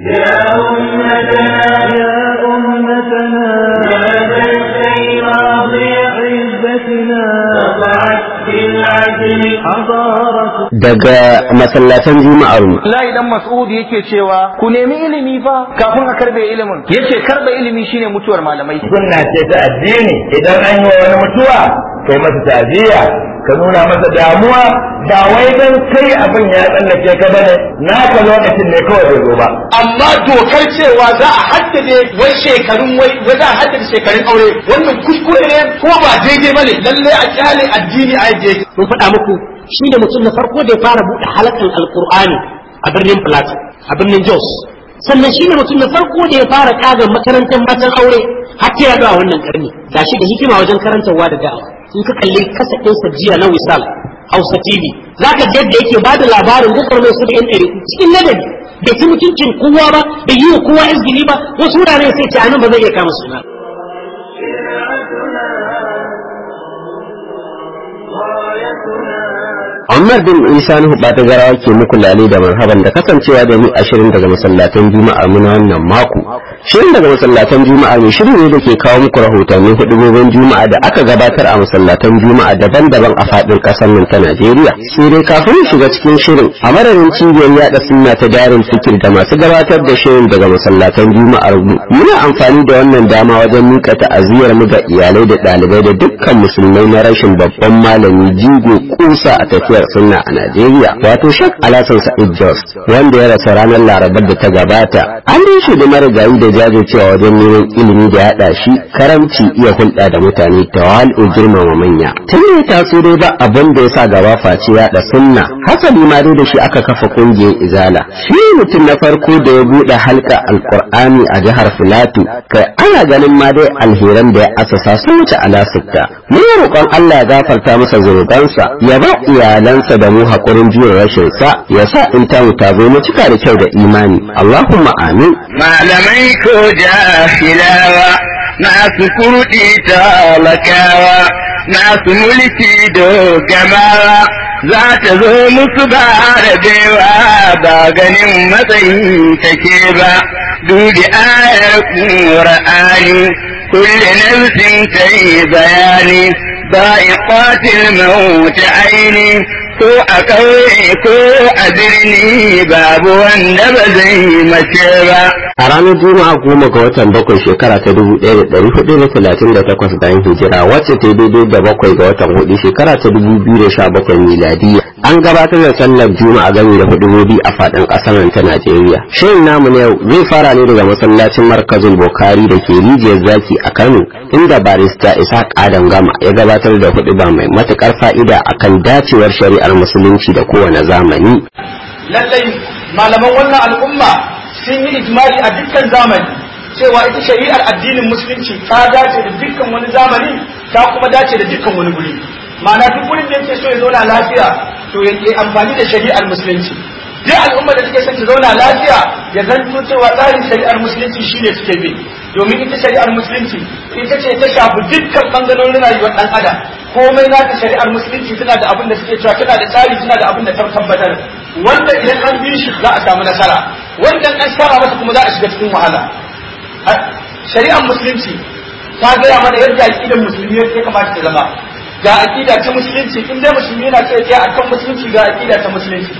daga masallatan juma'ar Lai dan Mas'ud yake cewa ku nemi ilimi fa kafin a karbe ilimin yace karbe ilimi shine mutuwar malamai sunna ce ta addini idan an yi wani mutuwa kai masa ta'ziya ka nuna masa damuwa ba wai dan kai abin ya tsallake ka bane na ka lokacin ne kawai bai zo ba amma dokar cewa za a haddade wai shekarun wai wai za a haddade shekarun aure wannan kuskure ne ko ba daidai bane lalle a kyale addini a yaje mun faɗa muku shi da mutum na farko da ya fara buɗe halakan alkur'ani a birnin plateau a birnin jos sannan shine mutum na farko da ya fara kaga makarantar matan aure har ta yadu a wannan karni shi da hikima wajen karantarwa da da'awa in ka kalli kasa ɗin jiya na wisal hausa tv zaka ji yadda yake da labarin gukar mai su da yan ɗari cikin ladabi bai ci mutuncin kowa ba bai yi wa kowa izgini ba wasu wurare sai ce anan ba zai iya kama suna Umar bin Isa Nuhu Garawa ke muku lale da marhaban da kasancewa da a shirin daga masallatan Juma'a mu na wannan mako. Shirin daga masallatan Juma'a ne shirin ne da ke kawo muku rahotannin hudubobin Juma'a da aka gabatar a masallatan Juma'a daban-daban a faɗin ƙasar nan ta Najeriya. Sai dai kafin shiga cikin shirin a madadin cibiyar yaɗa sunna ta jarin fikir da masu gabatar da shirin daga masallatan Juma'ar mu. Muna amfani da wannan dama wajen mika ta'aziyar mu ga iyalai da ɗalibai da dukkan musulmai na rashin babban malami jigo kusa a tafiya. ɗariƙar sunna a Najeriya wato Sheikh Alhassan Sa'id Jos wanda ya rasa ranar Larabar da ta gabata. An yi shi da marigayi da jajircewa wajen neman ilimi da yaɗa shi karamci iya hulɗa da mutane tawali'u girmama manya. Tun ya taso dai ba abin da ya sa gaba face yaɗa sunna. Hasali ma dai da shi aka kafa ƙungiyar Izala. Shi mutum na farko da ya buɗe halka Alƙur'ani a jihar Filato kai ana ganin ma dai alheran da ya asasa sun wuce alasukta. Mun roƙon Allah ya gafarta masa zunubansa ya ba iyalan iyalansa da mu haƙurin jure rashin sa ya sa in ta ta zo mu cika da kyau da imani Allahumma amin malamai ko jahilawa masu kurɗi talakawa masu mulki dogamawa za ta zo musu ba da bewa ba ganin matsayi take ba dubi ayar ƙura'ani kulle nafsin ta yi bayani ذائقات الموت عيني ko a ƙauye ko a birni babu wanda ba zai yi mace ba. A ranar Juma'a goma ga watan bakwai shekara ta dubu ɗaya da ɗari hudu da talatin da takwas bayan hijira wacce ta daidai da bakwai ga watan hudu shekara ta dubu biyu da sha bakwai miladiya. An gabatar da sallar Juma'a gami da hudubobi a faɗin ƙasar ta Najeriya. Shirin namu na yau zai fara ne daga masallacin markazin Bokari da ke rijiyar zaki a Kano inda barista Isa Adam Gama ya gabatar da hudu ba mai matuƙar fa'ida akan dacewar shari'ar shari'ar musulunci da kowane zamani lallai malaman wannan al'umma sun yi ijma'i a dukkan zamani cewa ita shari'ar addinin musulunci ta dace da dukkan wani zamani ta kuma dace da dukkan wani guri ma'ana duk wurin da yake so ya zauna lafiya to ya ke amfani da shari'ar musulunci duk al'umma da suke son ta zauna lafiya ya zanto cewa tsarin shari'ar musulunci shine suke bi domin ita shari'ar musulunci ita ce ta shafi dukkan bangarorin rayuwar ɗan adam komai za ta shari'ar musulunci suna da abin da suke cewa suna da tsari suna da abin da ta tabbatar wanda idan an bi shi za a samu nasara wanda an saba masa kuma za a shiga cikin wahala shari'ar musulunci ta gaya mana yadda aqidar musulmi ya kamata ta zama ga aqida ta musulunci in dai musulmi yana ce ya akan musulunci ga aqida ta musulunci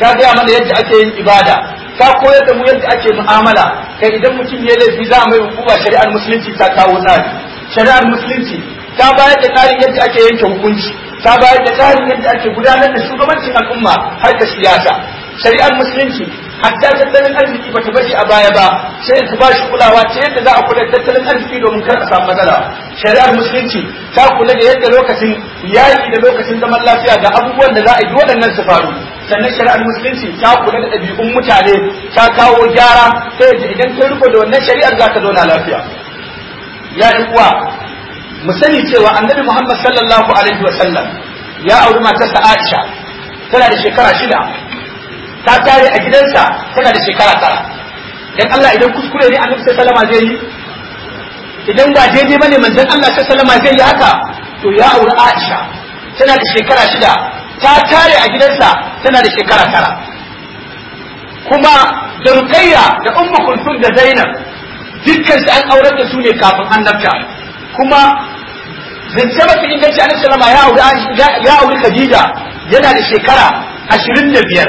ta gaya mana yadda ake yin ibada ta koyar da mu yadda ake mu'amala kai idan mutum ya laifi za a mai hukuma shari'ar musulunci ta kawo tsari shari'ar musulunci ta bayar da tsarin yadda ake yanke hukunci ta bayar da tsarin yadda ake gudanar da shugabancin al'umma har da siyasa shari'ar musulunci hatta tattalin arziki bata bari a baya ba sai ta ba shi kulawa ta yadda za a kula da tattalin arziki domin kar a samu matsala shari'ar musulunci ta kula da yadda lokacin yaki da lokacin zaman lafiya da abubuwan da za a yi waɗannan su faru sannan shari'ar musulunci ta kula da ɗabi'un mutane ta kawo gyara ta yadda idan ka riko da wannan shari'ar za ka zauna lafiya ya uwa mu sani cewa annabi Muhammad sallallahu alaihi wa sallam ya auri matarsa Aisha tana da shekara shida ta tare a gidansa tana da shekara tara dan Allah idan kuskure ne annabi sallallahu alaihi zai yi idan ba daidai bane manzon Allah sallallahu alaihi zai yi haka to ya auri Aisha tana da shekara shida ta tare a gidansa tana da shekara tara kuma da Rukayya da Ummu Kulthum da Zainab dukkan su an aurar da su ne kafin annabta kuma zance mafi inganci alaihi salama ya auri khadija yana da shekara ashirin da biyar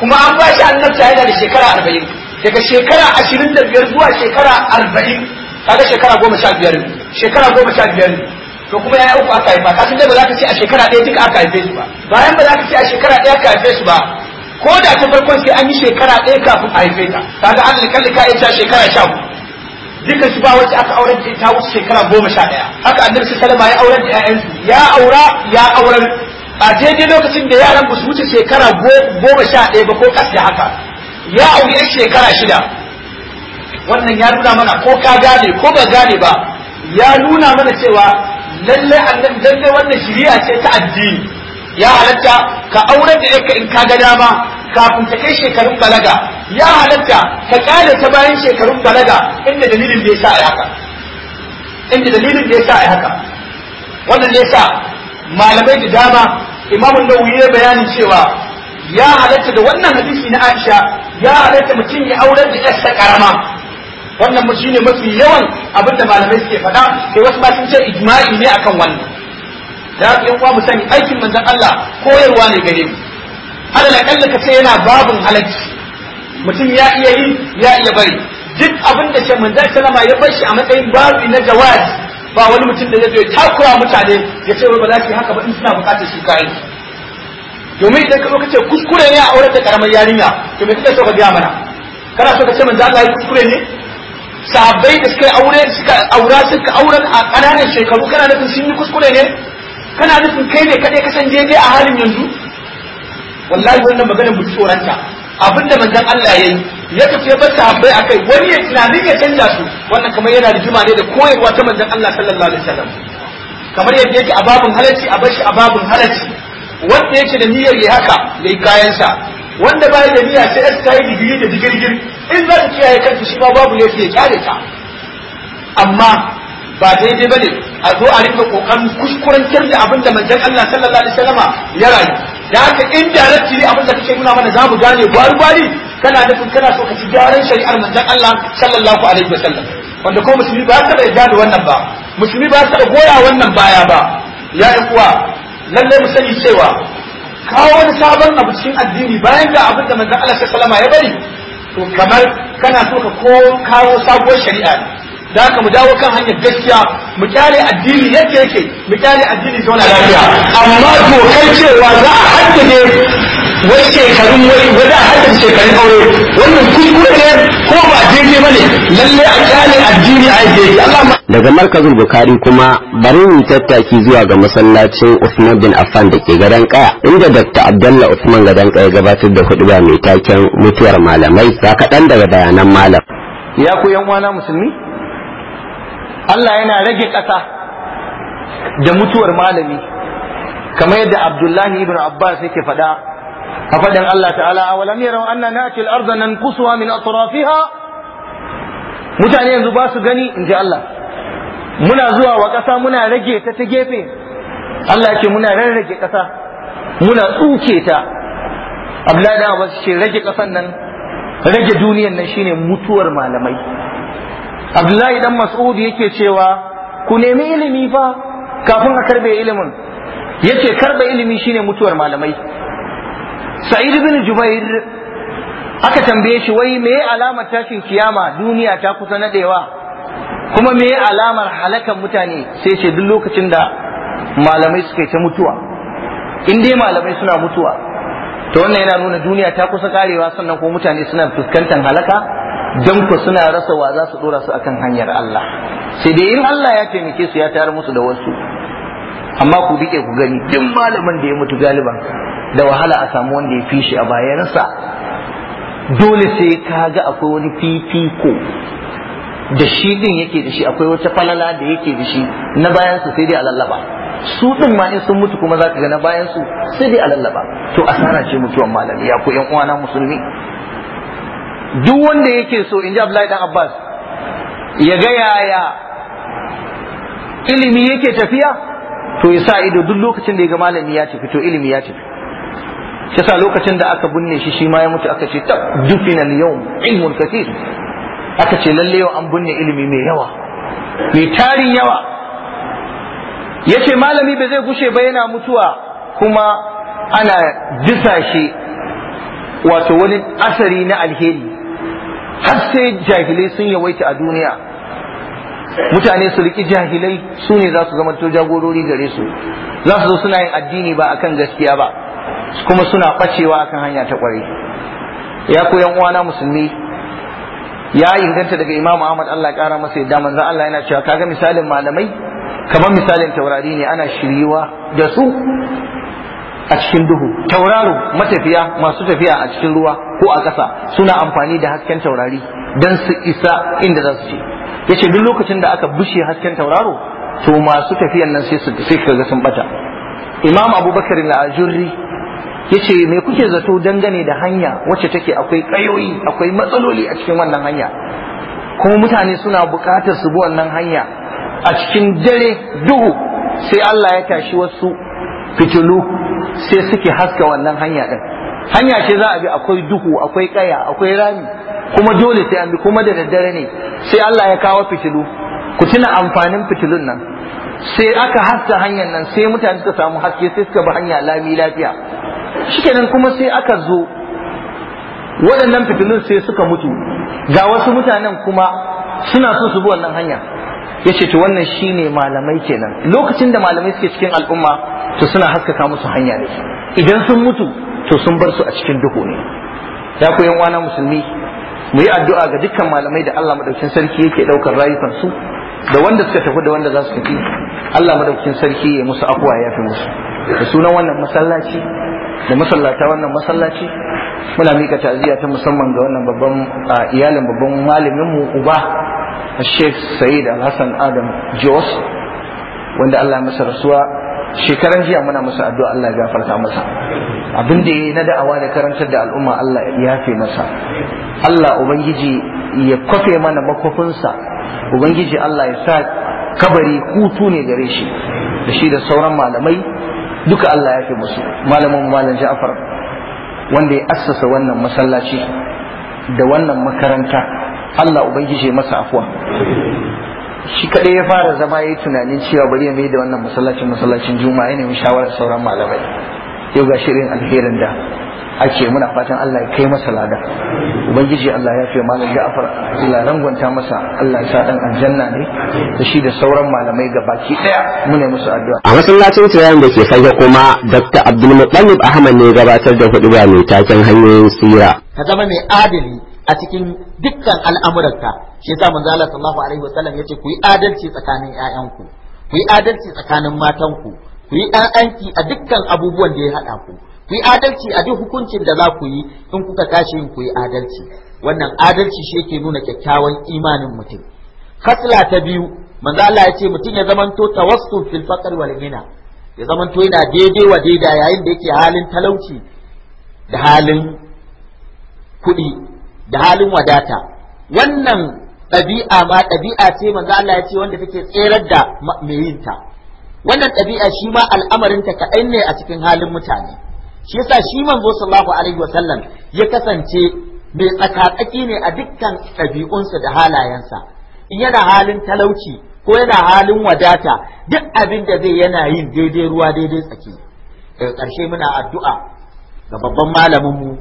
kuma an ba shi annabta yana da shekara arba'in daga shekara ashirin da biyar zuwa shekara arba'in kaga shekara goma sha biyar shekara goma sha biyar to kuma ya uku aka yi haifa kasan dai ba za ka ce a shekara ɗaya duka aka haife su ba bayan ba za ka ce a shekara ɗaya aka haife su ba ko da ta farkon sai an yi shekara ɗaya kafin a haife ta kaga an likalika ita shekara sha duka su ba wacce aka auren da ta wuce shekara goma sha ɗaya haka annabi su salama ya auren da ƴaƴansu ya aura ya auren a daidai lokacin da yaran ba su wuce shekara goma sha ɗaya ba ko ƙasa da haka ya auri ya shekara shida wannan ya nuna mana ko ka gane ko ba gane ba ya nuna mana cewa lalle annabi lalle wannan shari'a ce ta addini ya halatta ka auren da yanka in ka ga dama kafin ta kai shekarun balaga ya halatta ka kyale ta bayan shekarun balaga inda dalilin da sa a haka inda dalilin da ya sa a haka wannan ne sa malamai da dama imamun da ya bayanin cewa ya halatta da wannan hadisi na Aisha ya halatta mutum ya aurar da yarsa karama wannan mu shine mafi yawan abin da malamai suke faɗa sai wasu ma sun ce ijma'i ne akan wannan da haka yan uwa mu sani aikin manzon Allah koyarwa ne gare mu alal akalla ka ce yana babun halaki mutum ya iya yi ya iya bari duk abin da shi manzan sallama ya bar shi a matsayin babu na jawaz ba wani mutum da ya zo ya takura mutane ya ce ba za haka ba in suna bukatar shi kai domin idan ka zo ka ce kuskure ne a auren da karamar yarinya to me kake so ka biya mana kana so ka ce manzo Allah ya kuskure ne sahabbai da suka aure suka aura suka auren a ƙananan shekaru kana nufin sun yi kuskure ne kana nufin kai ne kaɗai kasan daidai a halin yanzu wallahi wannan maganar mu tsoranta abinda manzon Allah yayi ya tafi bar a akai wani ya tunanin ya canza su wannan kamar yana da rigima ne da koyarwa ta manzon Allah sallallahu alaihi wasallam kamar yadda yake a babun halacci a bar a babun halacci wanda yake da niyyar ya haka yayi sa wanda ba da niyya sai ya sai digiri da digirgir in za ka kiyaye kanta shi ba babu ne ya kare ta amma ba daidai bane a zo a rinka kokarin kuskuren da abinda manzon Allah sallallahu alaihi wasallama ya rayu da haka ne abin da kake nuna mana za zamu gane gwari gwari kana da kana so ka ci gyaran shari'ar manzon Allah sallallahu alaihi wasallam wanda ko musulmi ba ta yarda gane wannan ba musulmi ba ta goya wannan baya ba ya ikuwa lalle mu sani cewa kawo wani sabon abu cikin addini bayan da abin da manzon Allah sallallahu alaihi wasallam ya bari to kamar kana so ka kawo sabuwar shari'a da haka mu dawo kan hanyar gaskiya mu kyale addini yake yake mu kyale addini zauna lafiya amma kai cewa za a haddade wai shekarun wai za a haddade shekarun aure wannan kuskure ne ko ba daidai ba ne lalle a kyale addini a yake daga markazin bukari kuma bari mu tattaki zuwa ga masallacin usman bin affan da ke gadon kaya inda dr abdullah usman gadon kaya gabatar da huduba mai taken mutuwar malamai kaɗan daga bayanan malam ya ku yan uwana musulmi Allah yana rage ƙasa da mutuwar malami kamar yadda Abdullahi ibn Abbas yake faɗa a faɗin Allah ta'ala awalam yarau anna na'til arda nanqusuha min atrafiha mutane yanzu ba su gani in ji Allah muna zuwa wa ƙasa muna rage ta ta gefe Allah ce muna rarrage ƙasa muna tsuke ta Abdullahi da Abbas ce rage ƙasan nan rage duniyan nan shine mutuwar malamai abdullahi dan mas'ud yake cewa ku nemi ilimi fa kafin a karbe ilimin yace karbe ilimi shine mutuwar malamai sa'id ibn jubair aka tambaye shi wai me alamar tashin kiyama duniya ta kusa nadewa kuma me alamar halakan mutane sai ce duk lokacin da malamai suka ta mutuwa in dai malamai suna mutuwa to wannan yana nuna duniya ta kusa karewa sannan ko mutane suna fuskantar halaka don ku suna rasa wa za su dora su akan hanyar Allah sai dai in Allah ya taimake su ya tayar musu da wasu amma ku rike ku gani duk malamin da ya mutu galiban da wahala a samu wanda ya fishi shi a bayansa dole sai ka ga akwai wani fifiko da shi din yake da shi akwai wata falala da yake da shi na bayan su sai dai a lallaba su din ma in sun mutu kuma zaka ga na bayan su sai dai a lallaba to asara ce mutuwan malami ya ku yan uwana musulmi duk wanda yake so in ji Abdullahi dan Abbas ya ga yaya ilimi yake tafiya to ya sa ido duk lokacin da ya ga malami ya tafi to ilimi ya tafi shi sa lokacin da aka binne shi shi ma ya mutu aka ce tab dufina al-yawm ilmun katir aka ce lalle yau an bunne ilimi mai yawa mai tarin yawa yace malami ba zai gushe ba yana mutuwa kuma ana jisa shi wato wani asari na alheri har sai jahilai sun yawaita a duniya mutane su riki jahilai su ne za su zama to jagorori gare su za su zo suna yin addini ba akan gaskiya ba kuma suna bacewa akan hanya ta kwarai ya koyan uwana musulmi ya inganta daga imamu ahmad allah kara masa yadda manzan allah yana cewa kaga misalin malamai kamar misalin taurari ne ana shiriwa da su a cikin duhu tauraro matafiya masu tafiya a cikin ruwa ko a ƙasa suna amfani da hasken taurari don su isa inda za su je yace duk lokacin da aka bushe hasken tauraro to masu tafiyan nan sai su ga sun bata imam abubakar al-ajurri yace me kuke zato dangane da hanya wacce take akwai kayoyi akwai matsaloli a cikin wannan hanya kuma mutane suna buƙatar su bi wannan hanya a cikin dare duhu sai Allah ya tashi wasu fitilu sai suke haska wannan hanya ɗin hanya ce za a bi akwai duhu akwai ƙaya akwai rami kuma dole sai an bi kuma da daddare ne sai Allah ya kawo fitilu ku tuna amfanin fitilun nan sai aka haska hanyar nan sai mutane suka samu haske sai suka bi hanya lami lafiya shikenan kuma sai aka zo waɗannan fitilun sai suka mutu ga wasu mutanen kuma suna so su bi wannan hanya ya ce to wannan shine malamai kenan lokacin da malamai suke cikin al'umma to suna haskaka musu hanya ne idan sun mutu to sun bar su a cikin duhu ne ya ku yan uwana musulmi mu yi addu'a ga dukkan malamai da Allah madaukakin sarki yake daukar rayukan su da wanda suka tafi da wanda za su tafi Allah madaukakin sarki ya musu afuwa ya fi musu da sunan wannan masallaci da masallata wannan masallaci muna mika ta'ziya ta musamman ga wannan babban iyalin babban malamin mu uba Sheikh Said Al Hassan Adam Jos wanda Allah ya masa rasuwa shekaran jiya muna masa addu'a Allah ya gafarta masa abin da yayi na da'awa da karantar da al'umma Allah ya yafe masa Allah ubangiji ya kwafe mana makofinsa ubangiji Allah ya sa kabari hutu ne gare shi da shi da sauran malamai duka Allah ya yafe musu malamin malam Ja'far wanda ya assasa wannan masallaci da wannan makaranta Allah ubangiji masa afuwa shi kadai ya fara zama ya yi tunanin cewa bari ya mai da wannan masallacin masallacin juma'a ne mu shawarar sauran malamai yau ga shirin alherin da ake muna fatan Allah ya kai masa lada ubangiji Allah ya fiye malam Ja'far Allah rangwanta masa Allah ya sa dan aljanna ne da shi da sauran malamai ga baki daya muna musu addu'a a masallacin tsayan da ke fage kuma Dr. Abdul Muttalib Ahmad ne gabatar da hudu mai taken hanyoyin tsira ka zama mai adali a cikin dukkan al'amuranka shi yasa manzo Allah sallallahu alaihi wasallam yace ku yi adalci tsakanin ƴaƴanku ku yi adalci tsakanin matanku ku yi ɗan'anki a dukkan abubuwan da ya haɗa ku ku yi adalci a duk hukuncin da za ku yi in kuka tashi yin ku yi adalci wannan adalci shi yake nuna kyakkyawan imanin mutum Fasla ta biyu manzo Allah ya mutum ya zamanto tawassul fil faqr wal ghina ya zamanto yana daidai wa daida yayin da yake halin talauci da halin kuɗi da halin wadata wannan ɗabi'a ma ɗabi'a ce manzo Allah ya ce wanda take tserar da mai yin ta wannan ɗabi'a shi ma al'amarin ta ne a cikin halin mutane shi yasa shi manzo sallallahu alaihi wasallam ya kasance mai tsakatsaki ne a dukkan ɗabi'unsa da halayensa in yana halin talauci ko yana halin wadata duk abin da zai yana yin daidai ruwa daidai tsaki daga ƙarshe muna addu'a ga babban malaminmu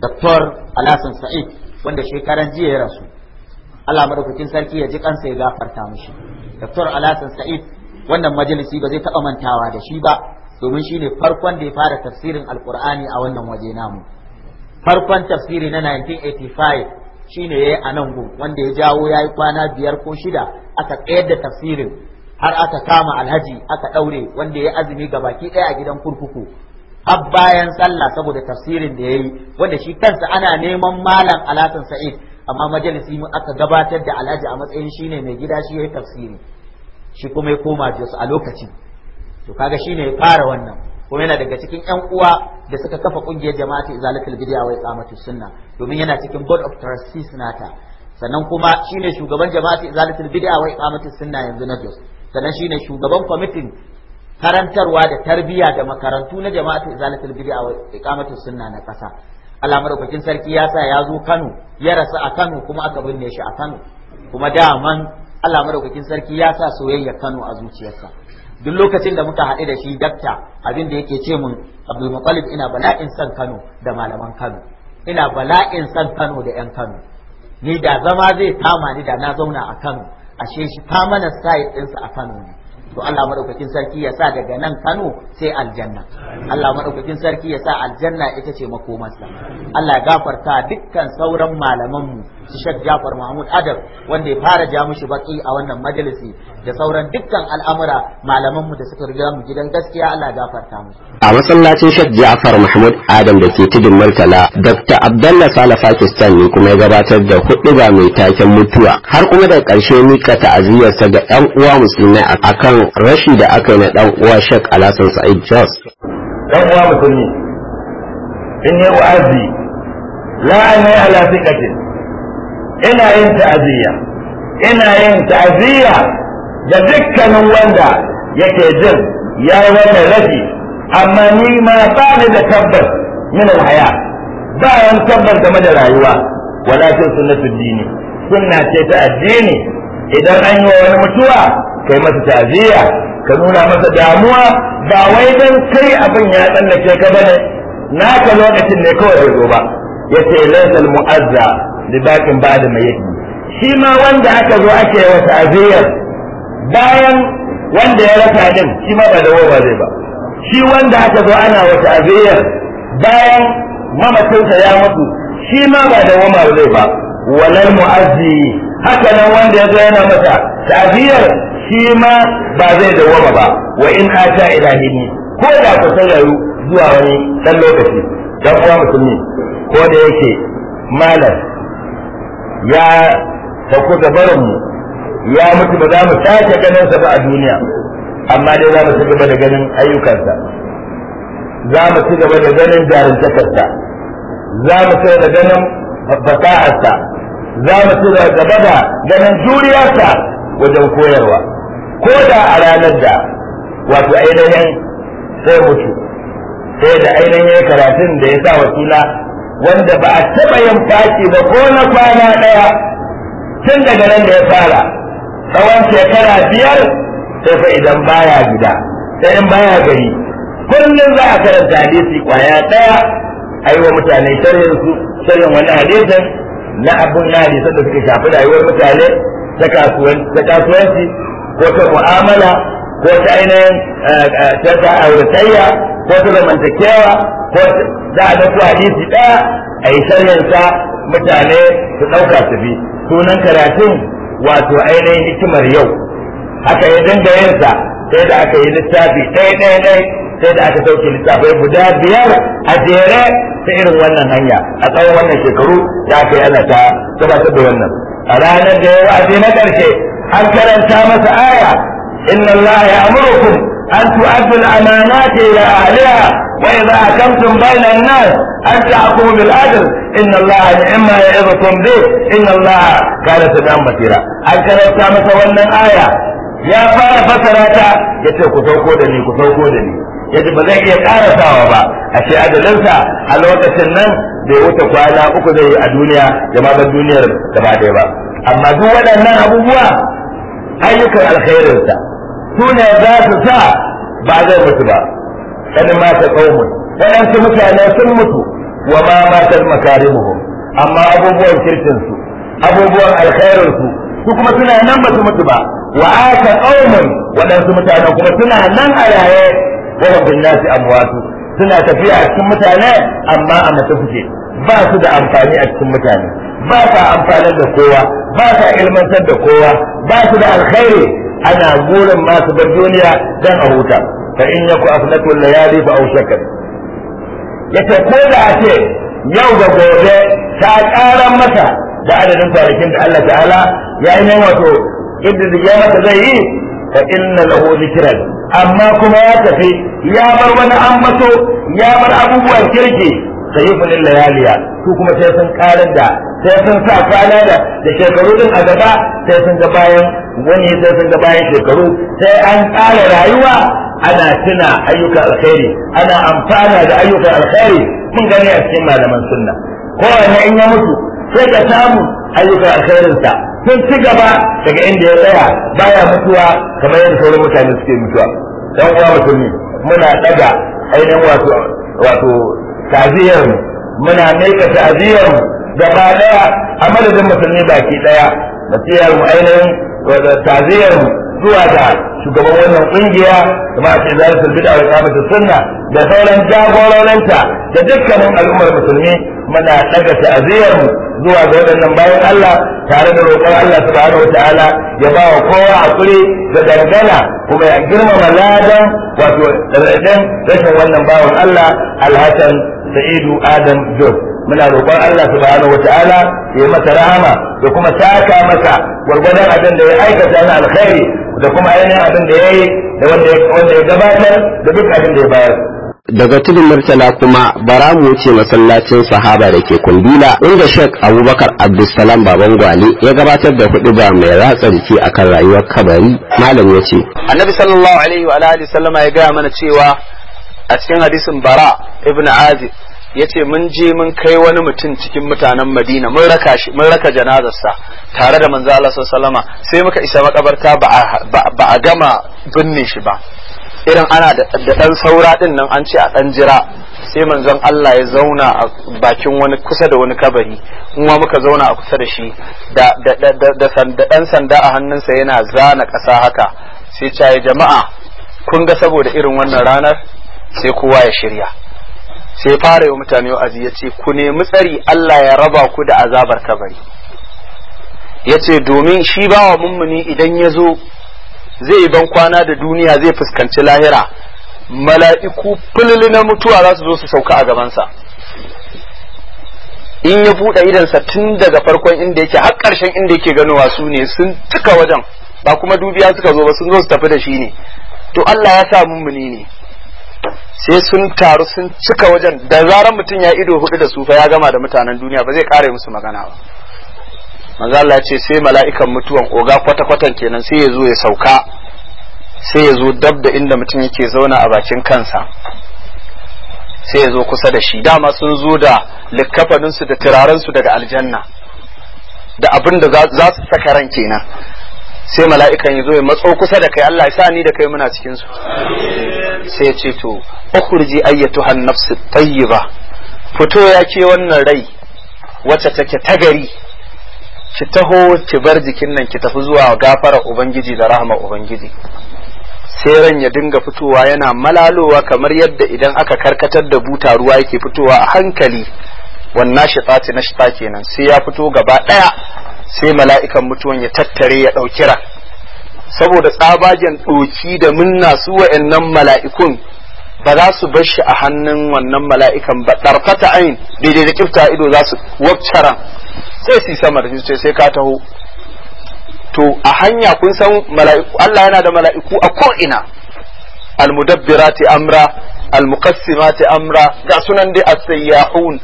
Dr. Alhassan Sa'id wanda shekaran jiya ya rasu Allah madaukakin sarki ya ji kansa ya gafarta mishi Dr. Alhassan Sa'id wannan majalisi ba zai taɓa mantawa da shi ba domin shi ne farkon da ya fara tafsirin alkur'ani a wannan waje namu farkon tafsiri na 1985 shi ne ya yi a nan wanda ya jawo ya yi kwana biyar ko shida aka tsayar da tafsirin har aka kama alhaji aka ɗaure wanda ya azumi ga baki ɗaya a gidan kurkuku har bayan sallah saboda tafsirin da ya yi wanda shi kansa ana neman malam alhasan Sa'id amma majalisi mun aka gabatar da Alhaji a matsayin shine mai gida shi ya yi tafsiri shi kuma ya koma Jos a lokaci. to kaga shine ya fara wannan kuma yana daga cikin ƴan uwa da suka kafa kungiyar jama'atu izalatul bid'a wa iqamatus sunna domin yana cikin board of trustees nata sannan kuma shine shugaban jama'atu izalatul bid'a wa iqamatus sunna yanzu na Jos sannan shine shugaban kwamitin karantarwa da tarbiyya da makarantu na jama'atu izalatul bid'a wa iqamatus sunna na kasa Allah madaukakin sarki ya sa ya zo Kano ya rasu a Kano kuma aka binne shi a Kano kuma daman Allah madaukakin sarki ya sa soyayya Kano a zuciyarsa duk lokacin da muka haɗu da shi dakta abin da yake ce mun Abdul ina bala'in san Kano da malaman Kano ina bala'in san Kano da yan Kano ni da zama zai kama ni da na zauna a Kano ashe shi permanent site ɗinsa a Kano ne to Allah madaukakin sarki ya sa daga nan Kano sai aljanna Allah madaukakin sarki ya sa aljanna ita ce makomarsa Allah ya gafarta dukkan sauran malaman mu Sheikh Jafar Mahmud adab wanda ya fara ja mushi baki a wannan majalisi da sauran dukkan al'amura malaman mu da suka riga mu gidan gaskiya Allah gafarta mu a masallacin Sheikh Ja'far Mahmud Adam da ke tudun Murtala Dr. Abdullah Salah Pakistan ne kuma ya gabatar da ga mai taken mutuwa har kuma da ƙarshe mika ta'aziyarsa ga ɗan uwa musulmi akan rashi da aka yi na ɗan uwa Sheikh Alhassan Sa'id Jos ɗan uwa musulmi in yi wa'azi la'anai ala fiqatin ina yin ta'aziyya ina yin ta'aziyya da dukkanin wanda yake jin ya yi wannan rafi amma ni ma ba ni da tabbas min alhaya ba wani tabbas game da rayuwa walakin sunnatu dini sunna ce ta addini idan an yi wa wani mutuwa kai masa ta'aziyya ka nuna masa damuwa ba wai dan kai abin ya tsallake ka bane naka lokacin ne kawai bai zo ba yace laysa al mu'azza li ba ba'da mayyit shi ma wanda aka zo ake wa ta'aziyyar bayan wanda ya rasa din shi ma ba dawo ba zai ba shi wanda aka zo ana wata azayyar bayan mamacinsa ya mutu shi ma ba dawo ma zai ba walal mu'azzi haka nan wanda ya zo yana mata ta'ziyar shi ma ba zai dawo ba wa in ata ilahini ko da ku sarrayu zuwa wani dan lokaci dan uwa musulmi ko da yake malam ya sauko da mu? ya mutu ba za mu sake ganin sa ba a duniya amma dai za mu ci gaba da ganin ayyukansa za mu ci gaba da ganin jarumtakarsa za mu ci gaba da ganin fasaharsa za mu ci gaba da ganin juriyarsa wajen koyarwa ko da a ranar da wato ainihin sai mutu sai da ainihin karatun da ya sa wa suna wanda ba a taɓa yin faki ba ko na kwana ɗaya tun daga nan da ya fara tsawon shekara biyar sai fa idan baya gida sai in baya gari kullum za a karanta hadisi kwaya daya a yi wa mutane sharhin su sharhin wannan hadisin na abun na da suka shafi rayuwar mutane ta kasuwanci ko ta mu'amala ko ta ainihin eh, eh, ta auratayya ko ta zamantakewa ko za a dauko hadisi daya a yi sharhin sa mutane su ɗauka su bi sunan karatun wato ainihin hikimar yau haka ya dinga yinsa sai da aka yi littafi ɗaya ɗaya ɗaya sai da aka sauke littafai guda biyar a jere ta irin wannan hanya a tsawon wannan shekaru da aka yi ana ta gabatar da wannan a ranar da ya wa'azi na ƙarshe an karanta masa aya inna allaha ya'murukum أن تؤدوا الأمانات إلى a وإذا حكمتم بين الناس أن تحكموا بالعدل إن الله نعما يعظكم به إن الله كان سميعا بصيرا أن كرمت متولى آية يا فara fasara ta ya ce ku sauko da ni ku sauko da ni yadda ba zai iya karasawa ba a ce adalinsa a lokacin nan bai wuce kwana uku zai yi a duniya da ma ban duniyar gaba ɗaya ba amma duk waɗannan abubuwa ayyukan alkhairinsa su za su sa ba zai mutu ba kan mata qaumun waɗansu mutane sun mutu wa ma matar makarimuhum amma abubuwan kirkin su abubuwan alkhairin su su kuma suna nan ba su mutu ba wa aka qaumun waɗansu mutane kuma suna nan a raye wa hum nasi amwatu suna tafiya a cikin mutane amma a mata suke ba su da amfani a cikin mutane ba sa amfanar da kowa ba sa ilmantar da kowa ba su da alkhairi ana gurin masu bar duniya dan a huta fa in yaku aflatu layali fa aw Ya yace ko da ce yau da gobe ta karan mata da adadin kwanakin da Allah ta'ala ya yi wato idda ya ta zai yi fa inna lahu zikran amma kuma ya tafi ya bar wani ambato ya bar abubuwan kirki sayifun layaliya su kuma sai sun karar da sai sun sa kwana da da shekaru din a gaba sai sun ga bayan wani sai sun ga bayan shekaru sai an kara rayuwa ana tuna ayyukan alkhairi ana amfana da ayyukan alkhairi mun gani a cikin malaman sunna kowanne in ya mutu sai ka samu ayyukan alkhairinsa sun ci gaba daga inda ya tsaya baya mutuwa kamar yadda sauran mutane suke mutuwa dan uwa musulmi muna daga ainihin wato wato ta'aziyar muna ta'ziyar ta'aziyar gaba daya a madadin musulmi baki daya nasiyar mu ainihin ta'aziyar zuwa da shugaban wannan kungiya da ma ce za su bid'a wa kamata sunna da sauran jagororinta da dukkanin al'ummar musulmi muna daga mu zuwa ga waɗannan bayan Allah tare da roƙon Allah subhanahu wa ta'ala ya ba wa kowa hakuri da dangana kuma ya girmama ladan wato rashin wannan bawan Allah alhasan sa'idu adam jos muna roƙon Allah subhanahu wataala ya masa rahama da kuma saka masa gwargwadon abin da ya aikata na alkhairi da kuma ainihin abin da ya yi da wanda ya gabatar da duk ya bayar daga tudun murtala kuma bara mu wuce masallacin sahaba da ke kundila inda shek abubakar abdulsalam baban gwale ya gabatar da hudu ba mai ratsa jiki akan rayuwar kabari malam ya ce annabi sallallahu alaihi wa alihi sallama ya gaya mana cewa a cikin hadisin bara ibn azib ya ce mun je mun kai wani mutum cikin mutanen madina mun raka shi mun raka janazarsa tare da manzo Allah sallama sai muka isa makabarta ba a gama binne shi ba irin ana da dan saura din nan an ce a dan jira sai manzon Allah ya zauna a bakin wani kusa da wani kabari kuma muka zauna a kusa da shi da dan sanda a hannunsa yana zana kasa haka sai ya jama'a kun ga saboda irin wannan ranar sai kowa ya shirya sai fara yi mutane wa'azi ya ce ku nemi tsari Allah ya raba ku da azabar kabari ya ce domin shi bawa mummuni idan ya zo zai yi ban kwana da duniya zai fuskanci lahira mala'iku fulili na mutuwa za su zo su sauka a gabansa in ya buɗe idansa tun daga farkon inda yake har ƙarshen inda yake ganowa su ne sun cika wajen ba kuma dubiya suka zo ba sun zo su tafi da shi ne to Allah ya sa mummuni ne sai sun taru sun cika wajen da zaran mutum ya ido hudu da sufa ya gama da mutanen duniya ba zai kare musu magana ba manzo Allah ce sai mala'ikan mutuwan oga kwata-kwatan kenan sai ya zo ya sauka sai ya zo dab da inda mutum yake zauna a bakin kansa sai ya zo kusa da shi dama sun zo da likkafaninsu da turarensu daga aljanna da abinda da za su saka ran kenan sai mala'ikan ya zo ya matso kusa da kai Allah ya sa ni da kai muna cikin su sai ce to ukhurji su ta yi tayyiba fito ya ke wannan rai wacce take tagari ki taho ki bar jikin nan ki tafi zuwa gafara ubangiji da rahama ubangiji sai ran ya dinga fitowa yana malalowa kamar yadda idan aka karkatar da buta ruwa yake fitowa a hankali wannan shitati na shita kenan sai ya fito gaba ɗaya sai mala'ikan mutuwan ya tattare ya ɗauki saboda tsabagen ɗoki da munna su wa'annan mala'ikun ba za su bar shi a hannun wannan mala'ikan ba ɗarkata ayin daidai da kifta ido za su wabcara sai su sama da ce sai ka taho to a hanya kun san mala'iku Allah yana da mala'iku a ko'ina almudabbirati amra almuqassimati amra ga sunan dai as-sayyahun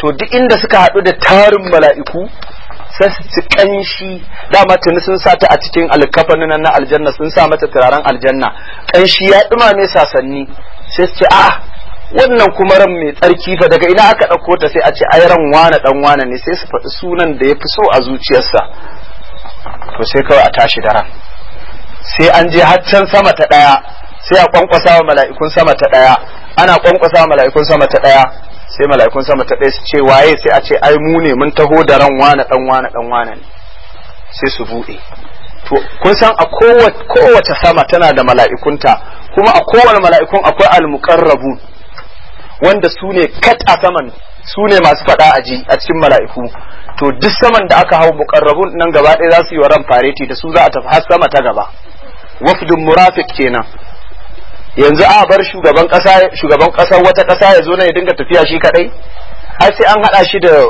to duk inda suka haɗu da tarin mala'iku sai su ci ƙanshi dama tuni sun sa a cikin nan na aljanna sun sa mata turaren aljanna ƙanshi ya ne sasanni sai su ce a wannan kuma ran mai tsarki fa daga ina aka ɗauko ta sai a ce ai ran wane ɗan wane ne sai su faɗi sunan da ya fi so a zuciyarsa to sai kawai a tashi da ran sai an je haccan sama ta ɗaya sai a kwankwasa wa mala'ikun sama ta ɗaya ana kwankwasa wa mala'ikun sama ta ɗaya sai mala'ikun sama ta ɗaya su ce waye sai a ce ai mu ne mun taho da ran wane dan wane dan wane ne sai su buɗe to kun san a kowace sama tana da mala'ikunta kuma a kowane mala'ikun akwai almuqarrabu wanda su ne kat a saman su ne masu faɗa a ji a cikin mala'iku to duk saman da aka hau muqarrabun nan gaba ɗaya za su yi wa ran fareti da su za a tafi har sama ta gaba wafdun murafiq kenan yanzu a bar shugaban kasa shugaban kasar wata kasa ya zo na ya dinga tafiya shi kadai ai sai an hada shi da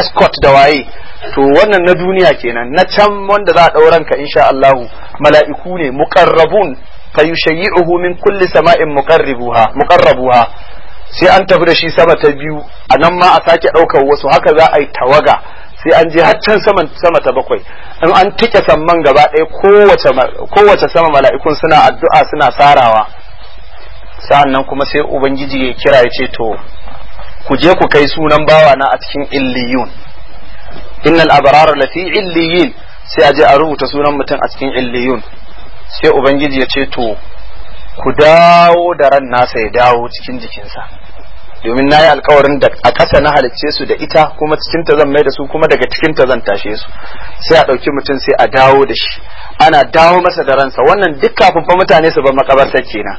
escort da waye to wannan na duniya kenan na can wanda za a ɗauran ka insha Allah mala'iku ne muqarrabun fayushayyi'uhu min kulli sama'in muqarribuha muqarrabuha sai an tafi da shi sama ta biyu a nan ma a sake ɗaukar wasu haka za a yi tawaga sai an je har can sama ta bakwai in an tike samman gaba ɗaya kowace sama mala'ikun suna addu'a suna sarawa sa'an kuma sai ubangiji ya kira ya ce to ku je ku kai sunan bawa na a cikin illiyun innal abrar lafi illiyin sai a je a rubuta sunan mutum a cikin illiyun sai ubangiji ya ce to ku dawo da ran nasa ya dawo cikin jikinsa domin na yi alkawarin da a kasa na halicce su da ita kuma cikin ta zan mai da su kuma daga cikin ta zan tashe su sai a ɗauki mutum sai a dawo da shi ana dawo masa da ransa wannan duk kafin fa mutane su bar makabarsa kenan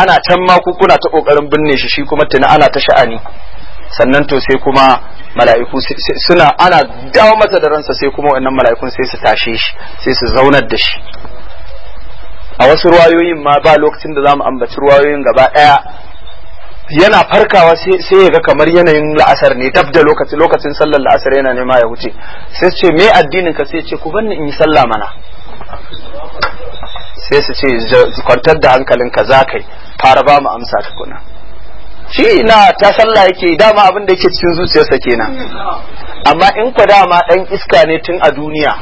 ana can ma ku kuna ta kokarin binne shi shi kuma tuna ana ta sha'ani sannan to sai kuma mala'iku suna ana dawo masa da ransa sai kuma wannan mala'ikun sai su tashe shi sai su zaunar da shi a wasu ruwayoyin ma ba lokacin da za mu ambaci ruwayoyin gaba ɗaya yana farkawa sai ya ga kamar yanayin la'asar ne dab da lokacin lokacin sallar la'asar yana nema ya wuce sai ce me addinin ka sai ce ku banni in yi sallah mana sai su ce kwantar da hankalinka za kai fara ba mu amsa tukuna shi na ta sallah yake dama abin da yake cikin zuciyarsa kenan amma in ku dama dan iska ne tun a duniya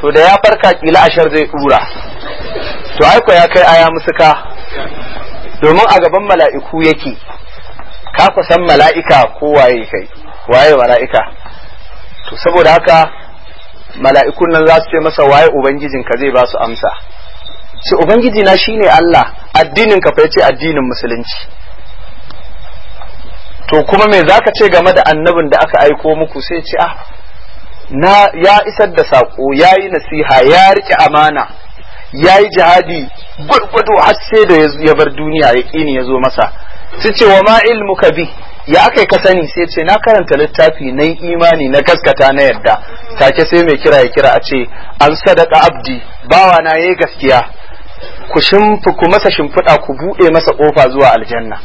to da ya farka kila ashar zai dura to ku ya kai aya musuka domin a gaban mala'iku yake ka kusan mala'ika ko waye kai waye mala'ika to saboda haka mala'ikun nan za su ce masa waye ubangijin ka zai ba su amsa ce ubangiji na shine Allah addinin ka fa ce addinin musulunci to kuma me ka ce game da annabin da aka aiko muku sai ce ah na ya isar da sako yi nasiha ya riƙe amana ya yi jihadi gwargwado har sai da ya bar duniya ya ƙini ya zo masa su ce wa ma ka bi ya aka yi kasani sai ce na karanta littafi na yi imani na gaskata na yarda take sai mai kira ya kira a ce an sadaka abdi bawa na yayi gaskiya ku shimfi ku masa shimfiɗa ku buɗe masa ƙofa zuwa aljanna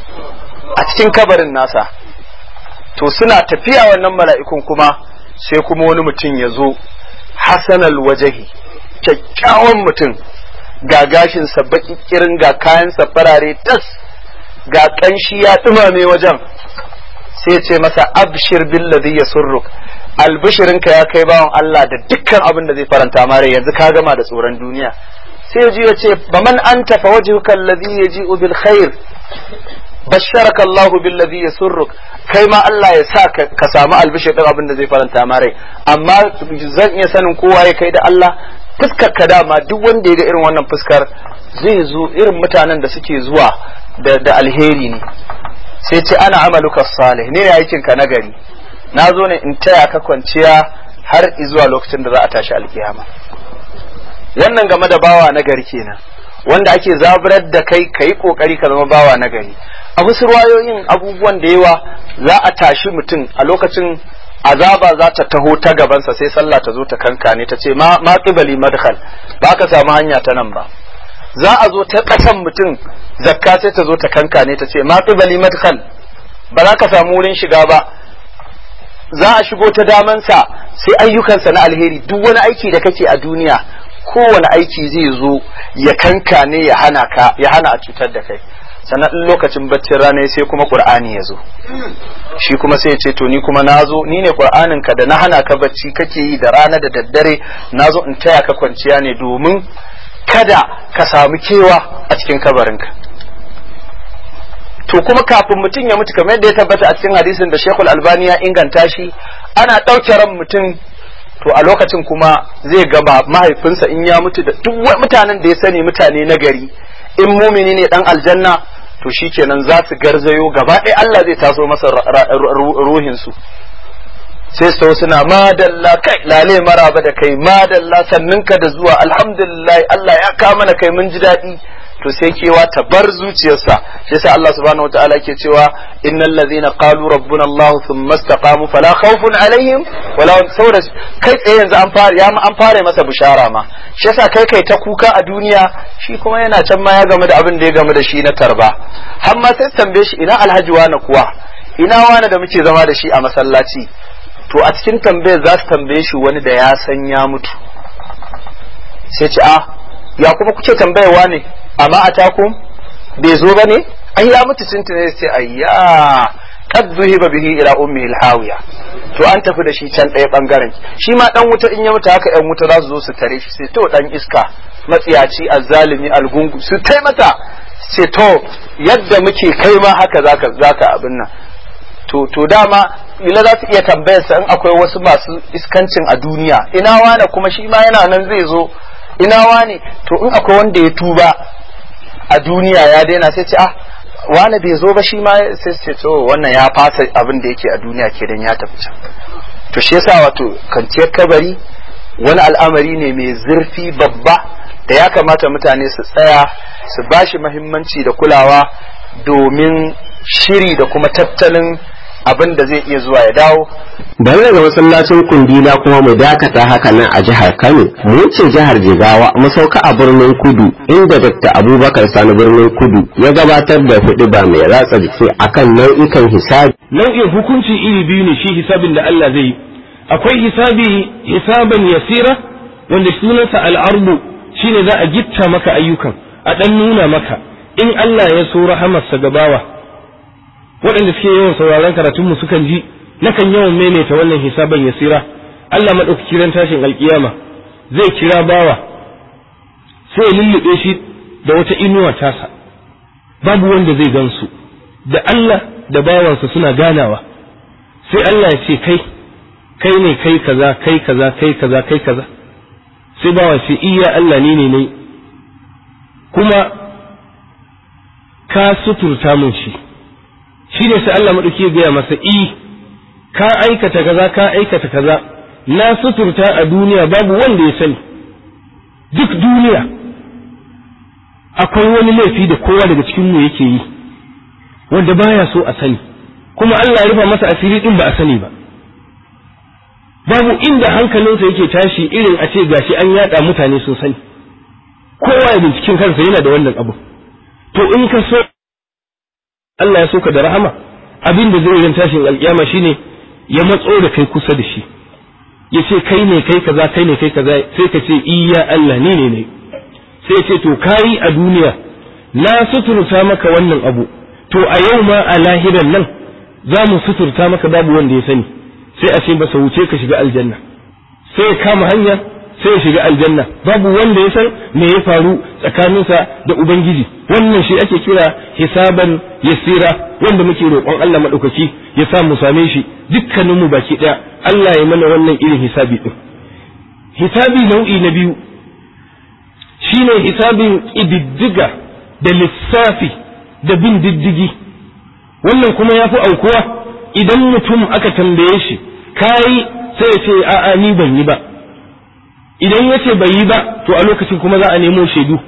a cikin kabarin nasa to suna tafiya wannan mala'ikun kuma sai kuma wani mutum ya zo hasanal wajahi kyakkyawan mutum ga gashin sa baki kirin ga kayan sa farare tas ga kanshi ya dumame wajen sai ce masa abshir billadhi yasurruk albishirinka ya kai bawan Allah da dukkan abin da zai faranta mare yanzu ka gama da tsoron duniya sai ya ji ya ce ba man anta fa wajhuka alladhi yaji'u bil khair basharaka Allah billadhi yasurruk kai ma Allah ya sa ka samu albishir din abin da zai faranta mare amma zan iya sanin kowa ya kai da Allah fuskar ka dama duk wanda ya ga irin wannan fuskar zai zo irin mutanen da suke zuwa da alheri ne sai ce ana amaluka salih ne aikin ka nagari na zo ne in taya ka kwanciya har izuwa lokacin da za a tashi alkiyama Yannan game da bawa nagari kenan wanda ake zaburar da kai ka yi kokari ka zama bawa nagari a wasu ruwayoyin abubuwan da yawa za a tashi mutum a lokacin azaba za ta taho ta gabansa sai sallah ta zo ta kankane ta ce ma qibali madkhal ba ka samu hanya ta nan ba za a zo ta kasan mutum zakka sai ta zo ta kankane ta ce ma qibali madkhal ba za ka samu wurin shiga ba za a shigo ta daman sa sai ayyukansa na alheri duk wani aiki da kake a duniya kowane aiki zai zo ya kankane ya hana ka ya hana a cutar da kai sannan lokacin baccin rana sai kuma qur'ani ya zo shi kuma sai ya ce to ni kuma nazo zo ni ne qur'anin ka da na hana ka bacci kake yi da rana da daddare na zo in taya ka kwanciya ne domin kada ka samu kewa a cikin kabarinka to kuma kafin mutum ya mutu kamar yadda ya tabbata a cikin hadisin da Sheikhul Albani ya inganta shi ana ɗauke ran mutum to a lokacin kuma zai gaba mahaifinsa in ya mutu da duk mutanen da ya sani mutane na gari in mumini ne dan aljanna to shi kenan za su garzayo gaba ɗaya Allah zai taso masa ruhinsu sai su suna madalla kai lale maraba da kai madalla sanninka da zuwa alhamdulillah Allah ya kama na kai mun ji daɗi to sai kewa ta bar zuciyarsa shi yasa Allah subhanahu ta'ala ke cewa innal ladhina qalu rabbuna Allah thumma istaqamu fala khawfun alaihim wala hum sawra kai tsaye yanzu an fara ya an fara masa bishara ma shi yasa kai kai ta kuka a duniya shi kuma yana can ma ya gamu da abin da ya game da shi na tarba har ma sai tambaye shi ina alhaji wani kuwa ina wani da muke zama da shi a masallaci to a cikin tambayar za su tambaye shi wani da ya san ya mutu sai ce a ah, ya kuma kuke tambayewa ne amma a taku bai zo ba ne an ya mutu sun tunai sai ayya kad ba bihi ila ummi al-hawiya to an tafi da shi can ɗaya bangaren shi ma dan wuta in ya mutu haka yan wuta za su zo su tare shi sai to dan iska matsiyaci azzalimi algungu su taimaka sai to yadda muke kai ma haka zaka zaka abin nan to to dama ila za su iya tambayar sa in akwai wasu masu iskancin a duniya ina wane kuma shi ma yana nan zai zo ina wane to in akwai wanda ya tuba a duniya ya daina sai ce ah wani bai zo ba shi ma sai ce to wannan ya fasa abin da yake a duniya ke dan ya tafi can to shi yasa wato kanciyar kabari wani al'amari ne mai zurfi babba da ya kamata mutane su tsaya su bashi muhimmanci da kulawa domin shiri da kuma tattalin abin da zai iya zuwa ya dawo bari daga masallacin kundila kuma mu dakata haka nan a jihar kano mu ce jihar jigawa masauka a birnin kudu inda dr abubakar sani birnin kudu ya gabatar da huɗu ba mai ratsa jiki akan nau'ikan hisabi nau'in hukunci iri biyu ne shi hisabin da allah zai yi akwai hisabi hisaban yasira wanda sunansa al'ardu shine za a gitta maka ayyukan a ɗan nuna maka in allah ya so rahamarsa gabawa waɗanda suke yawan sauraron karatunmu sukan ji nakan yawan maimaita wannan hisaban yasira Allah maɗaukaki ran tashin alkiyama zai kira bawa sai ya lullube shi da wata inuwa tasa babu wanda zai gansu da Allah da bawansa suna ganawa sai Allah ya ce kai kai ne kai kaza kai kaza kai kaza kai kaza sai bawa ce iya Allah ni ne ne kuma ka suturta mun shi ne sai Allah madauki ya gaya masa i eh, ka aikata kaza ka aikata kaza na suturta a duniya babu wanda ya sani duk duniya akwai wani laifi da kowa daga cikin mu yake yi wanda baya so a sani kuma Allah ya rufa masa asiri din ba a sani ba babu inda hankalinsa yake tashi irin a ce gashi an yada mutane sun sani kowa ya binciken kansa yana da wannan abu to in ka so Allah ya soka da rahama abin da zai yin tashin alkiyama shine ya matso da kai kusa da shi ya ce kai ne kai kaza kai ne kai kaza sai ka ce iya Allah ne ne ne sai ce to kayi a duniya na suturta maka wannan abu to a yau ma a lahiran nan za mu suturta maka babu wanda ya sani sai a ce ba sa wuce ka shiga aljanna sai ya kama hanya sai ya shiga aljanna babu wanda ya san me ya faru tsakaninsa da ubangiji wannan shi ake kira hisaban yasira wanda muke roƙon Allah madaukaki ya sa mu same shi dukkanin mu baki daya Allah ya mana wannan irin hisabi din hisabi nau'i na biyu shine hisabin ibiddiga da lissafi da bin diddigi wannan kuma ya fi aukuwa idan mutum aka tambaye shi kayi sai ya ce a'a ni ban yi ba idan ya ce bai yi ba to a lokacin kuma za a nemo shaidu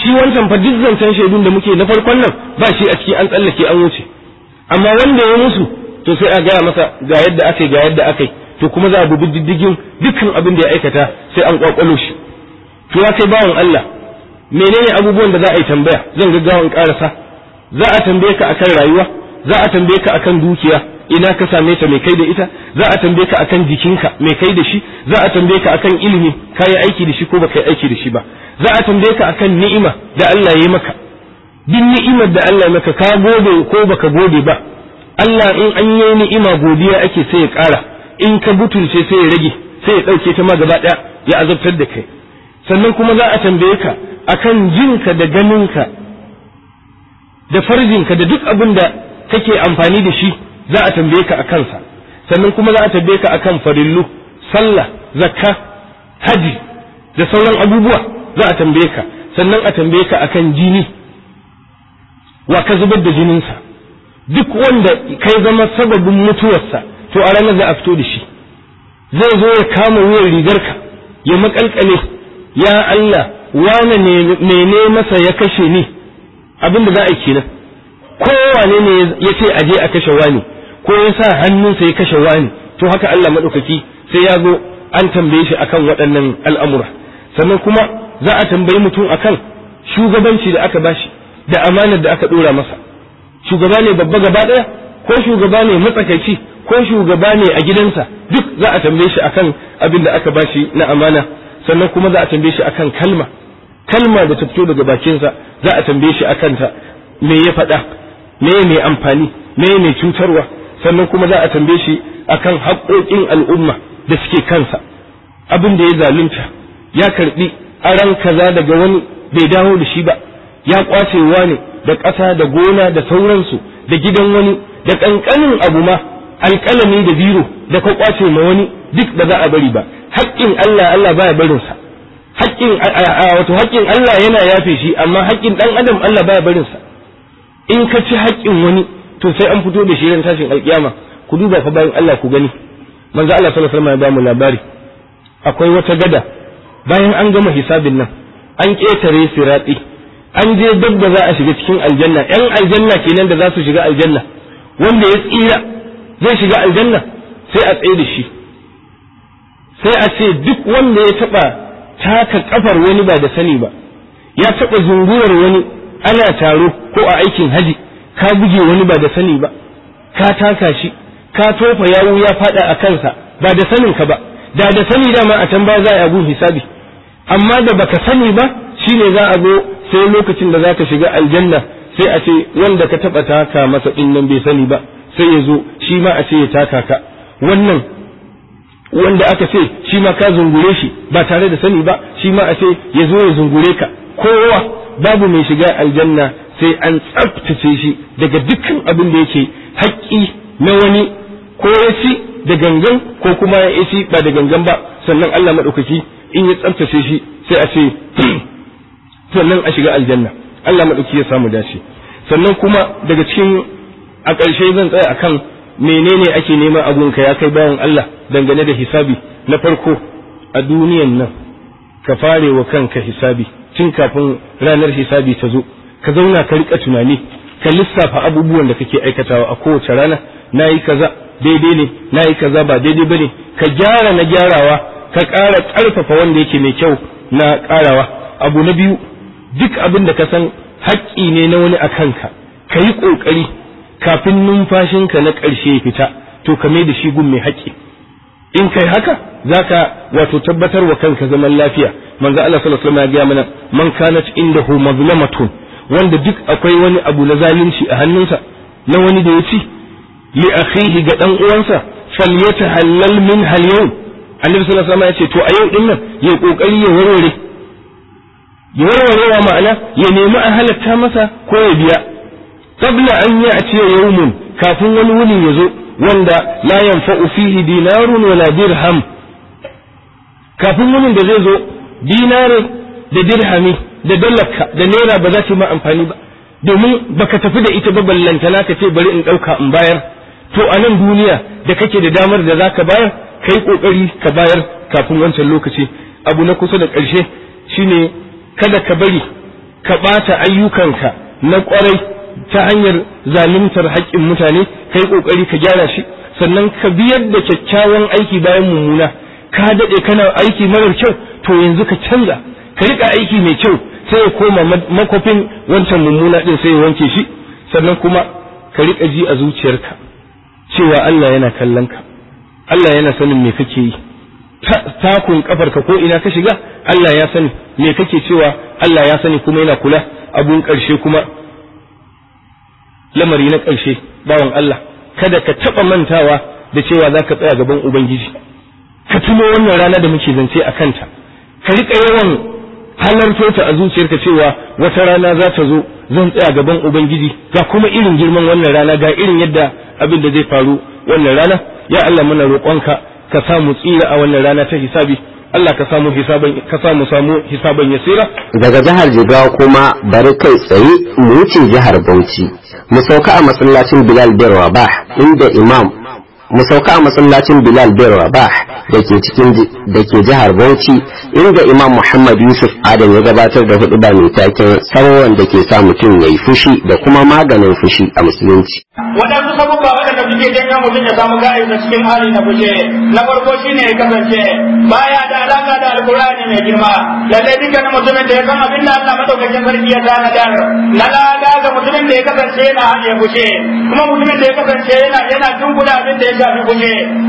shi wancan fa duk zancen shaidun da muke na farkon nan ba shi a ciki an tsallake an wuce amma wanda ya musu to sai a gaya masa ga yadda aka ga yadda aka to kuma za a dubi diddigin dukkan abin da ya aikata sai an kwakwalo shi to ya kai bawan Allah menene abubuwan da za a yi tambaya zan gaggawa in karasa za a tambaye ka akan rayuwa za a tambaye ka akan dukiya ina ka same ta mai kai da ita za a tambaye ka akan jikinka mai kai da shi za a tambaye ka akan ilimi ka yi aiki da shi ko baka yi aiki da shi ba za a tambaye ka akan ni'ima da Allah ya maka duk ni'imar da Allah ya maka ka gode ko baka gode ba Allah in an yi ni'ima godiya ake sai ya ƙara in ka butulce sai ya rage sai ya ɗauke ta ma gaba ɗaya ya azabtar da kai sannan kuma za a tambaye ka akan jinka da ganinka da farjinka da duk abin da kake amfani da shi za a tambaye ka a kansa sannan kuma za a tambaye ka akan farillu sallah zakka haji da sauran abubuwa za a tambaye ka sannan a tambaye ka akan jini wa ka zubar da jininsa duk wanda kai zama sababin mutuwarsa to a ranar za a fito da shi zai zo ya kama wuyan rigarka ya makalkale ya Allah wane ne masa ya kashe ni abinda za a yi kenan kowane ne ya ce aje a kashe wani ko ya sa hannunsa ya kashe wani to haka Allah madaukaki sai ya zo an tambaye shi akan waɗannan al'amura sannan kuma za a tambayi mutum akan shugabanci da aka bashi da amanar da aka dora masa shugaba ne babba gaba daya ko shugaba ne matsakaici ko shugaba ne a gidansa duk za a tambaye shi akan abin da aka bashi na amana sannan kuma za a tambaye shi akan kalma kalma da ta fito daga bakinsa za a tambaye shi akan ta me ya faɗa me ne amfani me mai cutarwa sannan kuma za a tambaye shi akan haƙoƙin al'umma da suke kansa abin da ya zalunta ya karɓi aran kaza daga wani bai dawo da shi ba ya ƙwacewa ne da ƙasa da gona da sauransu da gidan wani da ƙanƙanin abu ma alƙalami da biro da ka kwace ma wani duk ba za a bari ba haƙƙin Allah Allah baya barinsa haƙƙin wato haƙƙin Allah yana yafe shi amma haƙƙin ɗan adam Allah baya barinsa in ka ci haƙƙin wani to sai an fito da shi ran tashin alkiyama ku duba fa bayan Allah ku gani manzo Allah sallallahu alaihi wasallam ya ba mu labari akwai wata gada bayan an gama hisabin nan an ketare sirati an je dabba za a shiga cikin aljanna yan aljanna kenan da za su shiga aljanna wanda ya tsira zai shiga aljanna sai a tsaye da shi sai a ce duk wanda ya taba taka kafar wani ba da sani ba ya taba zunguwar wani ana taro ko a aikin haji ka buge wani ba da sani ba ka taka shi ka tofa yawu ya fada a kansa ba da sanin ka ba da da sani dama a can ba za a gun hisabi amma da baka sani ba shine za a zo sai lokacin da za ka shiga aljanna sai a ce wanda ka taba taka masa din nan bai sani ba sai ya zo shi ma a ce ya taka ka wannan wanda aka ce shi ma ka zungure shi ba tare da sani ba shi ma a ce ya zo ya zungure ka kowa babu mai shiga aljanna sai an tsaftace shi daga dukkan abin da yake haƙƙi na wani ko ya ci da gangan ko kuma ya ci ba da gangan ba sannan Allah maɗaukaki in ya tsaftace shi sai a ce sannan a shiga aljanna Allah maɗauki ya samu dace sannan kuma daga cikin a ƙarshe zan tsaya akan menene ake nema abunka ya kai bayan Allah dangane da hisabi na farko a duniyan nan ka fare wa kanka hisabi tun kafin ranar hisabi ta zo ka zauna ka rika tunani ka lissafa abubuwan da kake aikatawa a kowace rana na yi kaza daidai ne na yi kaza ba daidai ba ne ka gyara na gyarawa ka ƙara ƙarfafa wanda yake mai kyau na ƙarawa abu na biyu duk abin da ka san haƙƙi ne na wani a kanka ka yi ƙoƙari kafin numfashinka na ƙarshe fita to ka mai da shi gun mai haƙƙi in kai haka za ka wato tabbatar wa kanka zaman lafiya manzo Allah sallallahu alaihi wasallam ya gaya mana man inda hu mazlamatun wanda duk akwai wani abu na zalunci a hannunsa na wani da ya ci li akhihi ga dan uwansa yatahallal min hal yau annabi sallallahu alaihi ya ce to a yau din nan ya kokari ya warware ya warware wa ma'ana ya nemi a halatta masa ko ya biya qabla an ya'ti yawmun kafin wani wuni ya zo wanda la yanfa'u fihi dinarun wala dirham kafin wani da zai zo dinarin da dirhami da dalarka da naira ba za ta ma amfani ba domin baka tafi da ita ba ballantana ka ce bari in ɗauka in bayar to a nan duniya da kake da damar da za ka bayar kai ƙoƙari ka bayar kafin wancan lokaci abu na kusa da ƙarshe shine kada ka bari ka ɓata ayyukanka na ƙwarai ta hanyar zaluntar haƙƙin mutane ka yi ƙoƙari ka gyara shi sannan ka biyar da kyakkyawan aiki bayan mummuna ka daɗe kana aiki marar kyau to yanzu ka canza ka riƙa aiki mai kyau sai ya koma makofin wancan mummuna ɗin sai ya wanke shi sannan kuma ka riƙa ji a zuciyarka cewa Allah yana kallon ka Allah yana sanin me kake yi takun kafarka ko ina ka shiga Allah ya sani me kake cewa Allah ya sani kuma yana kula abun ƙarshe kuma lamari na karshe bawan Allah kada ka taɓa mantawa da cewa za ka tsaya gaban Ubangiji ka tuno wannan rana da muke zance a kanta ka riƙa yawan halarto ta a zuciyarka cewa wata rana za ta zo zan tsaya gaban ubangiji ga kuma irin girman wannan rana ga irin yadda abin da zai faru wannan rana ya Allah muna roƙonka ka mu tsira a wannan rana ta hisabi Allah ka samu hisaban ka samu samu hisaban yasira daga jihar Jigawa kuma bari kai tsaye mu wuce jihar Bauchi mu sauka a masallacin Bilal bin ba inda Imam mu sauka a masallacin bilal bin rabah da ke cikin da ke jihar bauchi inda imam muhammad yusuf adam ya gabatar da hudu ba mai taken sarwan da ke sa mutum ya fushi da kuma maganin fushi a musulunci waɗansu sabubba waɗanda suke janyo mutum ya samu gari na cikin hali na fushi na farko shi ne ya kasance baya da alaƙa da Alƙur'ani mai girma lallai dukkan mutumin da ya san abin da Allah madaukakin sarki ya tanadar na lada ga mutumin da ya kasance yana hali ya fushi kuma mutumin da ya kasance yana yana dunkula abin da ya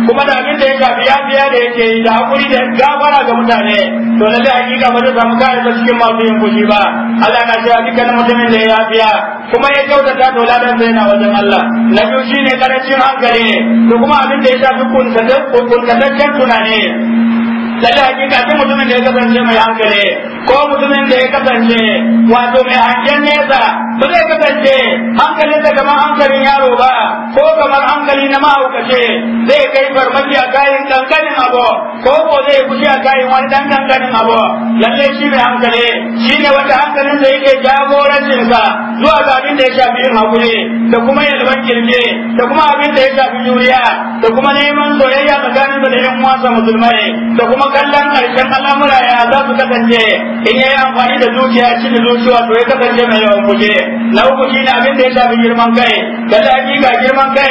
kuma da abin da ya ya yafiya da yake yi da hakuri da gafara ga mutane to lalle hakika ba zai samu kare ba cikin masu yin fushi ba Allah na cewa dukkanin mutumin da ya biya kuma ya kyautata to ladan zai na wajen Allah na biyu shine karancin hankali to kuma abin da ya shafi kuntataccen tunani lalle hakika duk mutumin da ya kasance mai hankali ko mutumin da ya kasance wato mai hangen nesa ba zai kasance hankalinsa kamar hankalin yaro ba ko kamar hankali na mahaukace zai kai farmaki a kayan kankanin abu ko ko zai fushi a kayan wani dan kankanin abu lalle shi ne hankali shi ne wata hankalin da yake jagorancin sa zuwa ga abin da ya shafi yin hakuri da kuma yalwan kirje da kuma abin da ya shafi juriya da kuma neman soyayya tsakanin da yan uwansa musulmai da kuma kallon karshen al'amura ya za su kasance in yayi amfani da zuciya cikin zuciya to ya kasance mai yawan fushi na uku shi ne abin da ya shafi girman kai da hakika girman kai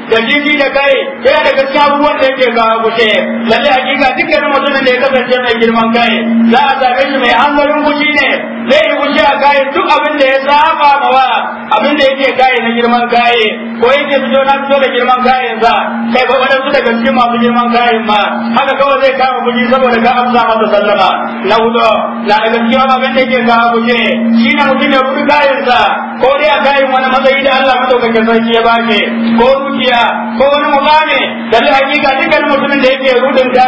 da jiji da kai yana da cikin abubuwan da yake ga gushe lalle hakika dukkanin mutumin da ya kasance mai girman kai za a zabe shi mai hankalin gushi ne zai yi gushi a kai duk abin da ya saba mawa abin da yake kai na girman kai ko yake fito na su da girman kayansa yanzu kai ba wadansu daga cikin masu girman kayan ma haka kawai zai kama gushi saboda ka amsa masa sallama na hudu na da cikin abin da yake ga gushe shi na mutum ya kayansa ko dai a kayan wani matsayi da Allah madaukakin sarki ya bace ko dukiya ko wani mukami da bi hakika dukkan mutumin da yake rudin sa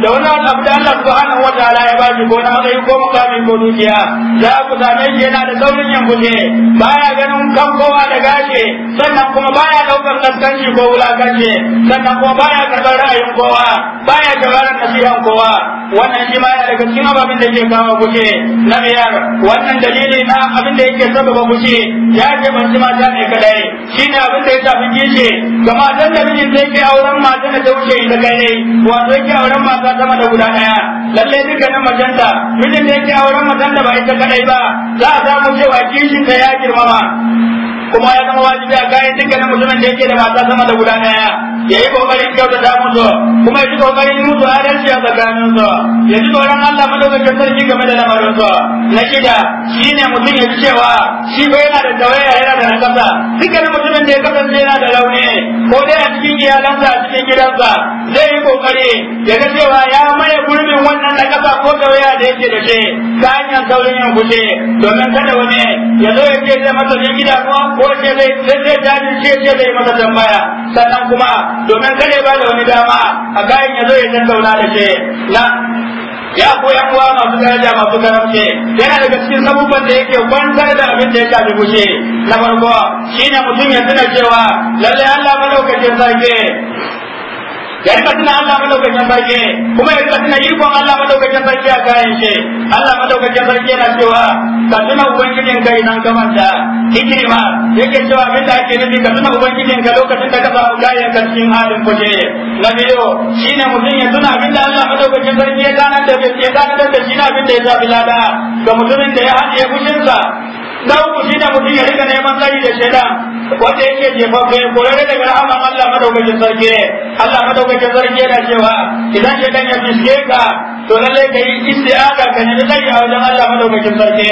da wani abu da Allah subhanahu wataala ya bashi ko na matsayi ko mukami ko dukiya za ku same shi yana da saurin yan fuke baya ganin kan kowa da gashi sannan kuma baya daukar kaskanci ko wulakanci sannan kuma baya karɓar ra'ayin kowa baya tauraron nasihan kowa wannan shi ma yana daga cikin ababin da ke kawo fuke na biyar wannan dalili na abin da yake sababa fuke ya ce ban ji ta ne kadai shi ne abin da ya tafi kishi ga matan da mijin sai kai auren matan da ta wuce ita kai ne wato yake auren mata sama da guda daya lalle duka na majanta mijin da yake auren matan da ba ita kadai ba za a samu cewa kishin ta ya girmama kuma ya zama wajibi a kayan dukkanin mutumin da yake da mata sama da guda daya ya yi kokarin kyautata musu kuma ya ji kokarin musu adalci a tsakanin su ya ji tsoron Allah madaukakin ki game da lamarin su na kida shine mutum ya ji cewa shi ba yana da tawaya yana da nakasa dukkan mutumin da ya kasance yana da launi ko dai a cikin iyalansa a cikin gidansa zai yi kokari ya ga cewa ya maye gurbin wannan nakasa ko tawaya da yake da shi ta hanyar saurin yin fushi domin kada wani ya zo ya ce zai masa gida ko ce zai zai shi ce zai masa tambaya sannan kuma domin kare ba da wani dama a bayan ya zo ya tattauna da shi na ya koyan uwa masu daraja masu karamce yana daga cikin sabubban da yake kwantar da abin da ya shafi wuce na farko shi ne mutum ya tuna cewa lallai Allah madaukakin sarki ya tuna Allah madaukakin sarki kuma ya tuna ikon Allah madaukakin sarki a kayan shi Allah madaukakin sarki yana cewa ka tuna ubangijin ka idan ka manta hikima yake cewa abin da ake nufi ka tuna ubangijin ka lokacin da ka samu kayan ka cikin halin kuje na biyu shine mutum ya tuna abin da Allah madaukakin sarki ya gana da ya gana da shi na abin da ya zabi lada ga mutumin da ya haɗe fushinsa na uku shine mutum ya rika neman tsari da shaida wanda yake jefaffe korare daga rahaman Allah madaukakin sarki ne Allah madaukakin sarki yana cewa idan shaidan ya fiske ka to lallai ka yi isti'aza ka nemi tsari a wajen Allah madaukakin sarki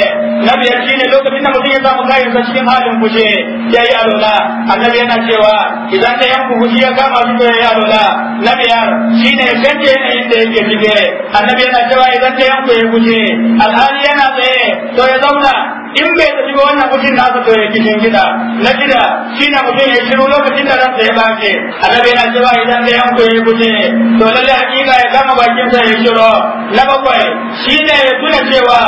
na biyar shine lokacin da mutum ya samu kayan sa cikin halin kushe ya yi alola annabi yana cewa idan da yanku kushi ya kama shi ya yi alola na biyar shine ya canje yanayin da yake cike annabi yana cewa idan da yanku ya kushe alhali yana tsaye to ya zauna in bai tafi ba wannan mutum na sa to kishin gida na gida shi na mutum ya shiru lokacin da ransa ya bace annabi na cewa idan da yanku ya kuce to lalle hakika ya gama bakin sa ya shiru na bakwai shi ne ya tuna cewa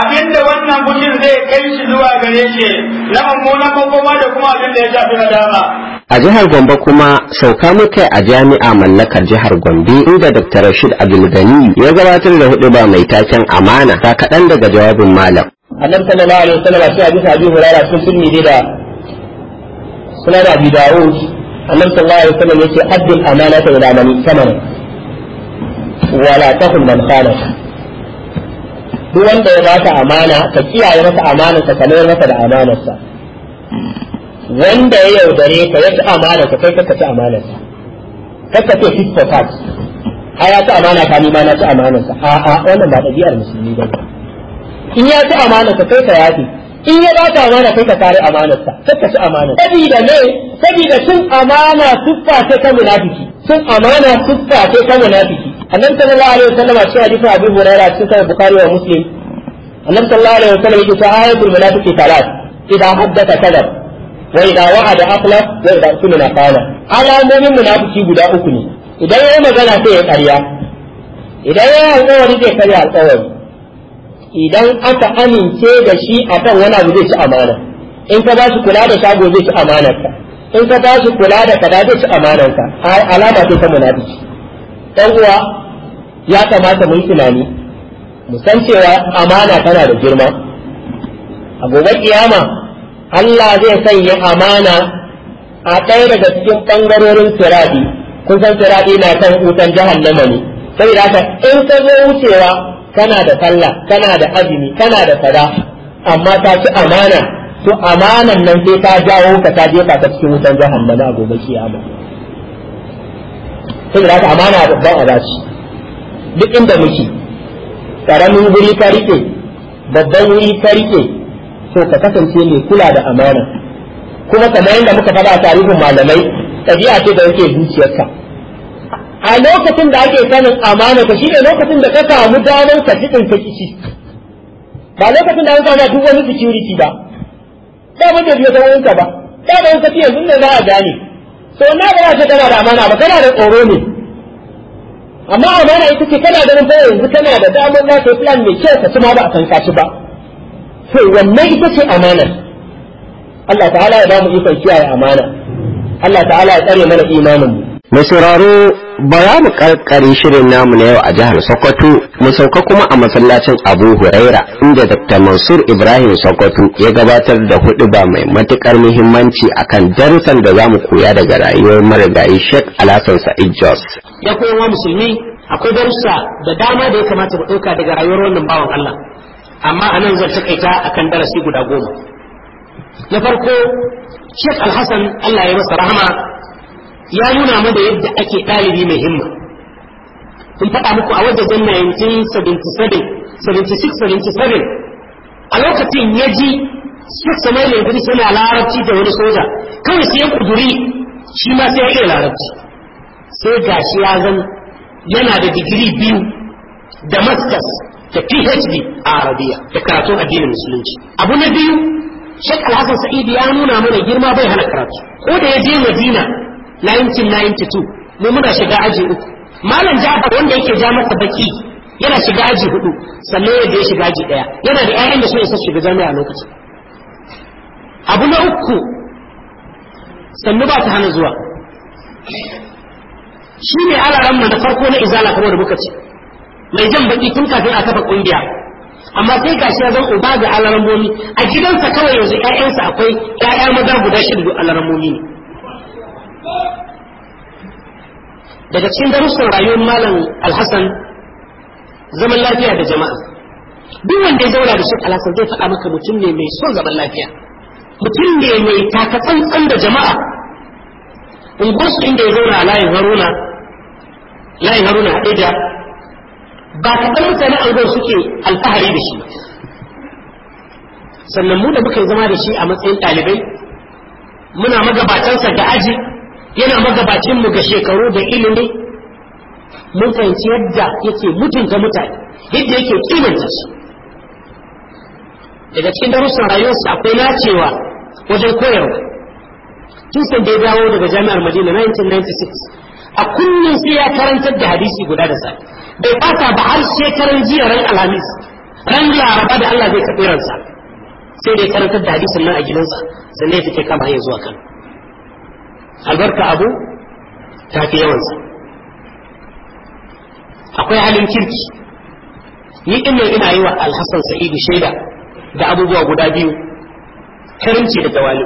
abinda wannan kucin zai kai shi zuwa gare shi na mummunan kokoma da kuma abin da ya shafi na dama. a jihar Gombe kuma sauka muka a jami'a mallakar jihar Gombe inda Dr. Rashid Abdulgani ya gabatar da hudu ba mai taken amana ta kaɗan daga jawabin malam. annabi sallallahu alaihi wasallam a cikin hadisi Abi Hurairah cikin sunni ne da suna sunan Abi Dawud annabi sallallahu alaihi wasallam yace addul amanata ila man samana wala takum man khana duk wanda ya baka amana ka kiyaye masa amanar ka kamar masa da amanar wanda ya yaudare ka ya ci amanar ka kai ka ci amanar sa kaka ce fifth ya ci amana ka ni ma na ci amanar a'a wannan ba ɗabi'ar musulmi ba ne in ya ci amanarsa sai ka yafi in ya ba ta amana sai ka kare amanarsa sai ka ci amana sabida ne sabida cin amana siffa ce ta munafiki cin amana siffa ce ta munafiki annabi sallallahu alaihi wasallam cikin hadisin Abu Hurairah cikin sahih Bukhari wa Muslim annabi sallallahu alaihi wasallam yake cewa ayatul munafiki talat idan haddatha kadab wa idan wa'ada akhlaf wa idan sunna qala alamomin munafiki guda uku ne idan ya magana sai ya karya idan ya yi alƙawari zai karya alƙawari idan aka amince da shi akan wani abu zai ci amana in ka ba su kula da shago zai ci amanarka in ka ba su kula da kada zai ci amanarka alama ce ta munafiki dan uwa ya kamata mu tunani mu san cewa amana tana da girma a gobe kiyama Allah zai sanya amana a ɗaya daga cikin ɓangarorin tirabi kun san tirabi na kan wutan jahannama ne da haka in ka zo wucewa kana da sallah kana da azumi kana da sada amma ta ci amana to amanan nan sai ta jawo ka ta jefa ka cikin wutan jahannama a gobe kiyama da ta amana babban abaci duk inda muke karamin guri ka rike babban wuri ka rike to ka kasance mai kula da amana kuma kamar yadda muka faɗa a tarihin malamai ɗabi'a ce da yake zuciyarka a lokacin da ake sanin amana shi shine lokacin da ka samu damar ka cikin ka kici ba lokacin da an kama duk wani security ba Da mun biyo da wanka ba ba da wanka tiya yanzu ne za a gane so na ba ta kana da amana ba kana da tsoro ne amma amana ita ce kana ganin ba yanzu kana da damar za ka yi plan mai kyau ka ci ma ba a san ka ci ba to wannan ita ce amana Allah ta'ala ya ba mu ikon kiyaye amana Allah ta'ala ya tsare mana imanin mu mai sauraro ba za mu karkare shirin namu na yau a jihar Sokoto mu sauka kuma a masallacin Abu Huraira inda Dr. Mansur Ibrahim Sokoto ya gabatar da ba mai matukar muhimmanci akan darussan da zamu koya daga rayuwar marigayi Sheikh Alhassan Sa'id Jos. Ya wa musulmi akwai darussa da dama da ya kamata mu ɗauka daga rayuwar wannan bawan Allah. Amma a nan zan takaita akan darasi guda goma. Na farko Sheikh Alhassan Allah ya masa rahama ya nuna da yadda ake ɗalibi mai himma kun faɗa muku a wajajen 1977 76-77 a lokacin ya ji Sheikh mai Idris suna larabci da wani soja kawai sai ya kuduri shi ma sai ya iya larabci sai gashi ya zan yana da digiri biyu da masters da PhD a Arabiya da karatun addinin musulunci abu na biyu Sheikh hassan Sa'idi ya nuna mana girma bai hana karatu ko da ya je Madina 1992 mu muna shiga aji uku malam jafar wanda yake ja masa baki yana shiga aji hudu sannan yadda ya shiga aji daya yana da ƴaƴan da sun isa shiga jami'a lokaci. abu na uku sannu ba ta hana zuwa shi ne alaran mu na farko na izala kamar da muka ce mai jan baki tun kafin a kafa kungiya amma sai gashi ya zan uba ga alaran a gidansa kawai yanzu ƴaƴansa akwai ƴaƴa maza guda shida alaran momi ne daga cikin darussan rayuwar malam alhassan zaman lafiya da jama'a duk wanda ya zauna da shi alhassan zai faɗa maka mutum ne mai son zaman lafiya mutum ne mai taka tsantsan da jama'a unguwarsu inda ya zauna layin haruna layin haruna ɗaya ba kaɗan mutane angon suke alfahari da shi sannan mu da muka zama da shi a matsayin ɗalibai muna magabatansa da aji yana magabacin mu ga shekaru da ilimi mun fahimci yadda yake mutunta mutane yadda yake kimanta su daga cikin darussan rayuwarsa akwai nacewa wajen koyarwa tun san da dawo daga jami'ar madina 1996 a kullum sai ya karantar da hadisi guda da sa bai fata ba har shekaran jiya ran alhamis ran laraba da allah zai karɓi sai dai karantar da hadisin nan a gidansa sannan ya fita kama ya zuwa kano albarka abu ta fi yawansa akwai halin kirki ni ɗin ina yi wa alhassan sa'idu shaida da abubuwa guda biyu karimci da tawali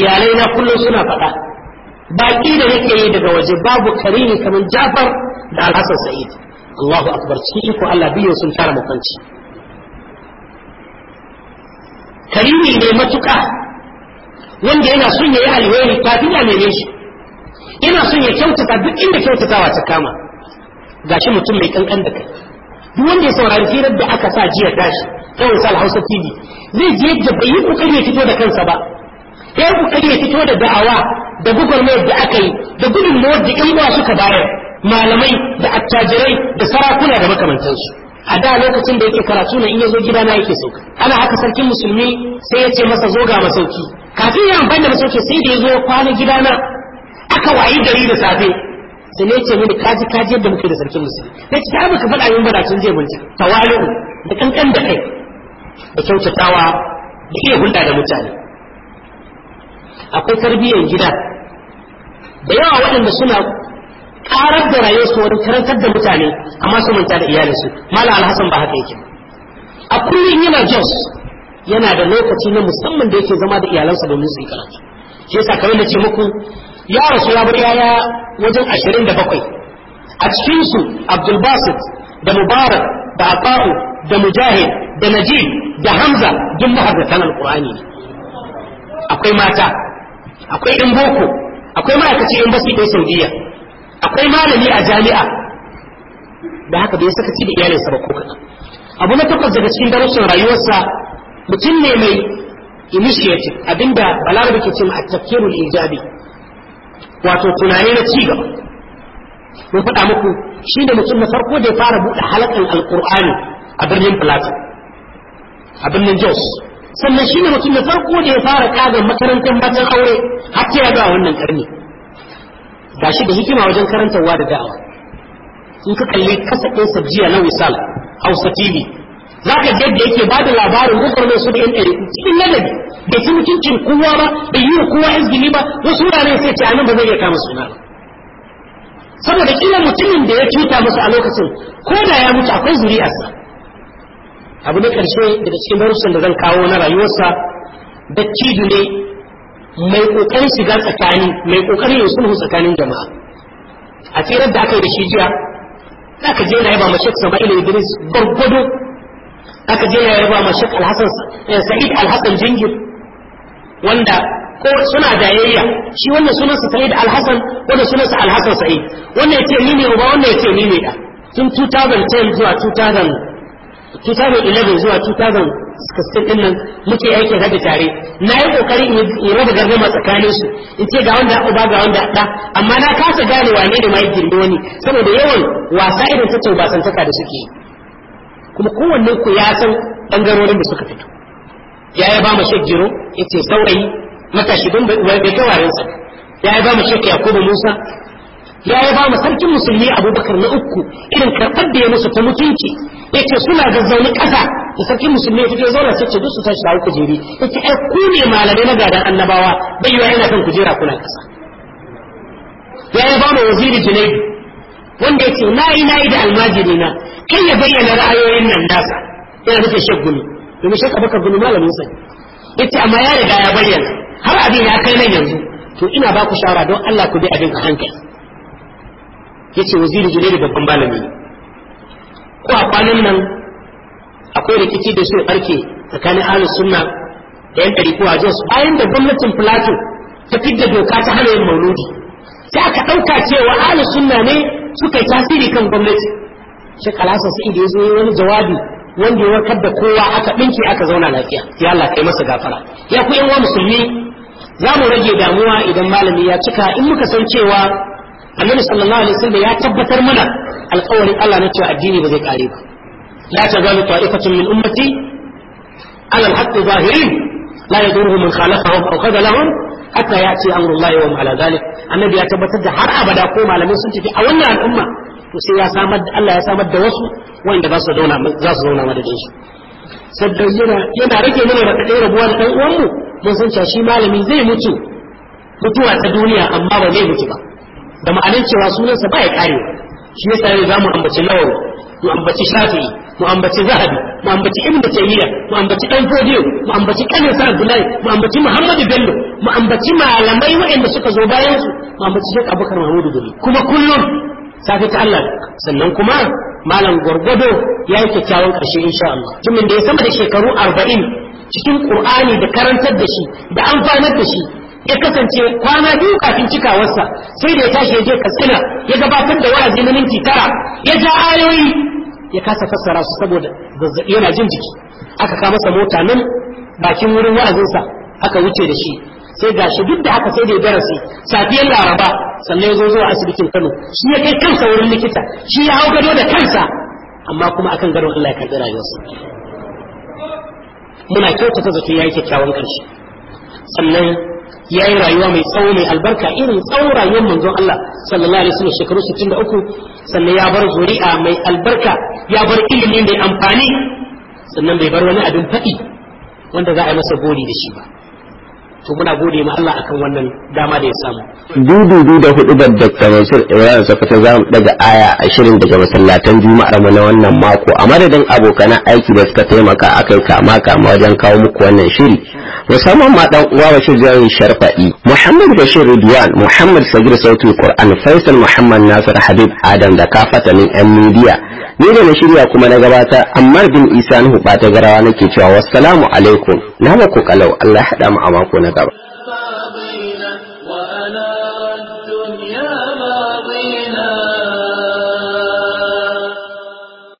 iyalai na kullum suna faɗa baƙi da nake yi daga waje babu karimi kamar jafar da alhassan Sa'idu. allahu akbar cikin iko allah biyu sun tara mukanci karimi ne matuƙa wanda yana son ya yi alheri kafin ya neme shi yana son ya kyautata duk inda kyautatawa ta kama gashi mutum mai kankan da kai duk wanda ya saurari firar da aka sa jiya tashi kawai sa Hausa TV zai je da bai yi kokari ya fito da kansa ba ya yi kokari ya fito da da'awa da gugurmayar da aka yi da gudunmawar da ƴan uwa suka bayar malamai da attajirai da sarakuna da makamantansu a da lokacin da yake karatu na in ya zo gida na yake sauka ana haka sarkin musulmi sai ya ce masa zo ga masauki kafin ya amfani da masauki sai da ya zo ya kwana gida na aka wayi gari da safe sai ne ce mini kaji kaji yadda muke da sarkin musulmi na ce ta muka faɗa min badatun zai bunta tawali'u da kankan da kai da kyautatawa da iya hulɗa da mutane akwai tarbiyyar gida da yawa waɗanda suna karar da rayuwar su wani karantar da mutane a su manta da iyalinsu malam alhassan ba haka yake a kullum yana jos yana da lokaci na musamman da yake zama da iyalansa domin su yi karatu shi yasa kamar da ce muku ya rasu ya bar yaya wajen ashirin da bakwai a cikinsu abdulbasit da mubarak da aqa'u da mujahid da najib da hamza duk mahaddatan alqur'ani akwai mata akwai in boko akwai ma'aikaci in basu ɗan saudiya akwai malami a jami'a da haka bai ci da iyalinsa ba ko kaɗan abu na takwas daga cikin darussan rayuwarsa mutum ne mai initiative abinda balarabe ke cewa at-tafkirul ijabi wato tunani na ci gaba mun faɗa muku shi da mutum na farko da ya fara buɗe halakan alƙur'ani a birnin plateau a birnin jos sannan shi ne mutum na farko da ya fara kaga makarantar matan aure har ta ga wannan karni gashi da hikima wajen karantarwa da da'awa in ka kalli kasa sabjiya na misal hausa tv za ka ga yadda yake bada labarin gwagwarmar su da yan ɗari cikin ladabi da ci mutuncin kowa ba da yi wa kowa izgili ba wasu wuraren sai ce anan ba zai iya kama suna ba saboda kila mutumin da ya cuta musu a lokacin ko da ya mutu akwai zuri'arsa abu na ƙarshe daga cikin darussan da zan kawo na rayuwarsa dattijo ne mai kokarin shiga tsakani mai kokarin yin sulhu tsakanin jama'a a tsirar da aka yi da shi jiya aka je na yaba ma shek Sama'il Idris gwargwado aka je na yaba ma shek Al-Hassan eh, Sa'id alhassan Jingir wanda ko suna dayayya shi wannan sunansa Sa'id Al-Hassan wannan sunan sa alhassan Sa'id wannan ce ni ne uba wannan ce ni ne da tun 2010 zuwa 2000 2011 zuwa 2016 din nan muke aikin da tare na yi kokari in raba gargama tsakanin su in ce ga wanda uba ga wanda da amma na kasa gane wane da mai girme wani saboda yawan wasa irin ta tauba santaka da suke kuma kowanne ku ya san bangarorin da suka fito ya ya ba mu shek jiro yace saurayi matashi don bai kai wayansa ya ya ba mu shek yakubu musa ya yi ba sarkin musulmi abubakar na uku irin karɓar da ya musu ta mutunci ya ce suna da zaune ƙasa da sarkin musulmi ya fito ya zauna sace duk su tashi da kujeri ya ce ai ku ne malamai na gadan annabawa bai yiwa yana kan kujera kuna ƙasa ya yi ba mu waziri junaidu wanda ya ce na yi na yi da almajiri na kai ya bayyana ra'ayoyin nan nasa yana nufin shek gumi domin shek abubakar gumi malamin sa ya ce amma ya riga ya bayyana har abin ya kai nan yanzu to ina ba ku shawara don Allah ku bi abin a hankali Ya ce waziri da babban malami ko a kwanan nan akwai rikici da su barke tsakanin ahlus sunna da yan ɗari a jos bayan da gwamnatin plateau ta fidda doka ta hana yin mauludi sai aka ɗauka cewa ahlus sunna ne suka yi tasiri kan gwamnati shi kalasa sai da ya zo wani jawabi wanda ya warkar da kowa aka ɗinke aka zauna lafiya ya Allah kai masa gafara ya ku yan musulmi za mu rage damuwa idan malami ya cika in muka san cewa annabi sallallahu alaihi wasallam ya tabbatar mana alƙawarin Allah na cewa addini ba zai kare ba la tazalu ta'ifatun min ummati ala al-haqq zahirin la yadurru man khalafahum aw khadalahum hatta ya'ti amru Allah wa ala dhalik annabi ya tabbatar da har abada ko malamai sun tafi a wannan al'umma to sai ya samar da Allah ya samar da wasu wanda za su zauna za su zauna madadin su sabda yana yana rage mana da kadai rabuwa da kan uwanmu mun san cewa shi malami zai mutu mutuwa ta duniya amma ba zai mutu ba da ma'anin cewa sunansa ba ya kare shi yasa ne za mu ambaci nawawi mu ambaci Shafi mu ambaci zahabi mu ambaci Ibn taymiya mu ambaci Ɗan fodiyo mu ambaci kanin sa abdullahi mu ambaci muhammadu bello mu ambaci malamai waɗanda suka zo bayansu su mu ambaci shek abubakar mahmudu duri kuma kullum safe ta Allah sannan kuma malam gwargwado ya yi kyakkyawan ƙarshe insha Allah mutumin da ya sama da shekaru arba'in cikin ƙur'ani da karantar da shi da amfanar da shi ya kasance kwana biyu kafin cikawarsa sai da ya tashi ya je katsina ya gabatar da wa'azi na minti tara ya ja ayoyi ya kasa fassara su saboda zazzabi yana jin jiki aka kama masa mota nan bakin wurin wa'azinsa aka wuce da shi sai ga shi duk da aka sai da ya darasi safiyar laraba sannan ya zo zuwa asibitin kano shi ya kai kansa wurin likita shi ya hau gado da kansa amma kuma akan gado allah ya karɓi rayuwarsa muna kyautata zato ya yi kyakkyawan ƙarshe sannan ya yi rayuwa mai tsawo mai albarka irin tsawon rayuwar manzon Allah sallallahu alaihi wasallam shekaru 63 sannan ya bar zuri'a mai albarka ya bar ilimi mai amfani sannan bai bar wani abin faɗi wanda za a yi masa gori da shi ba to muna gode ma Allah akan wannan dama da ya samu dudu da hudu da Dr. Mansur Ibrahim Safata za mu daga aya ashirin daga masallatan Juma'ar mu na wannan mako a madadin abokan aiki da suka taimaka akai kama kama wajen kawo muku wannan shiri musamman ma dan uwa Bashir jawi Sharfadi Muhammad Bashir Ridwan Muhammad Sagir Sautu Qur'an Faisal Muhammad Nasir Habib Adam da kafatanin yan media ni da na shirya kuma na gabata Ammar bin Isa Nuhu ba ta garawa nake cewa wassalamu alaikum na kalau Allah haɗa mu a mako na gaba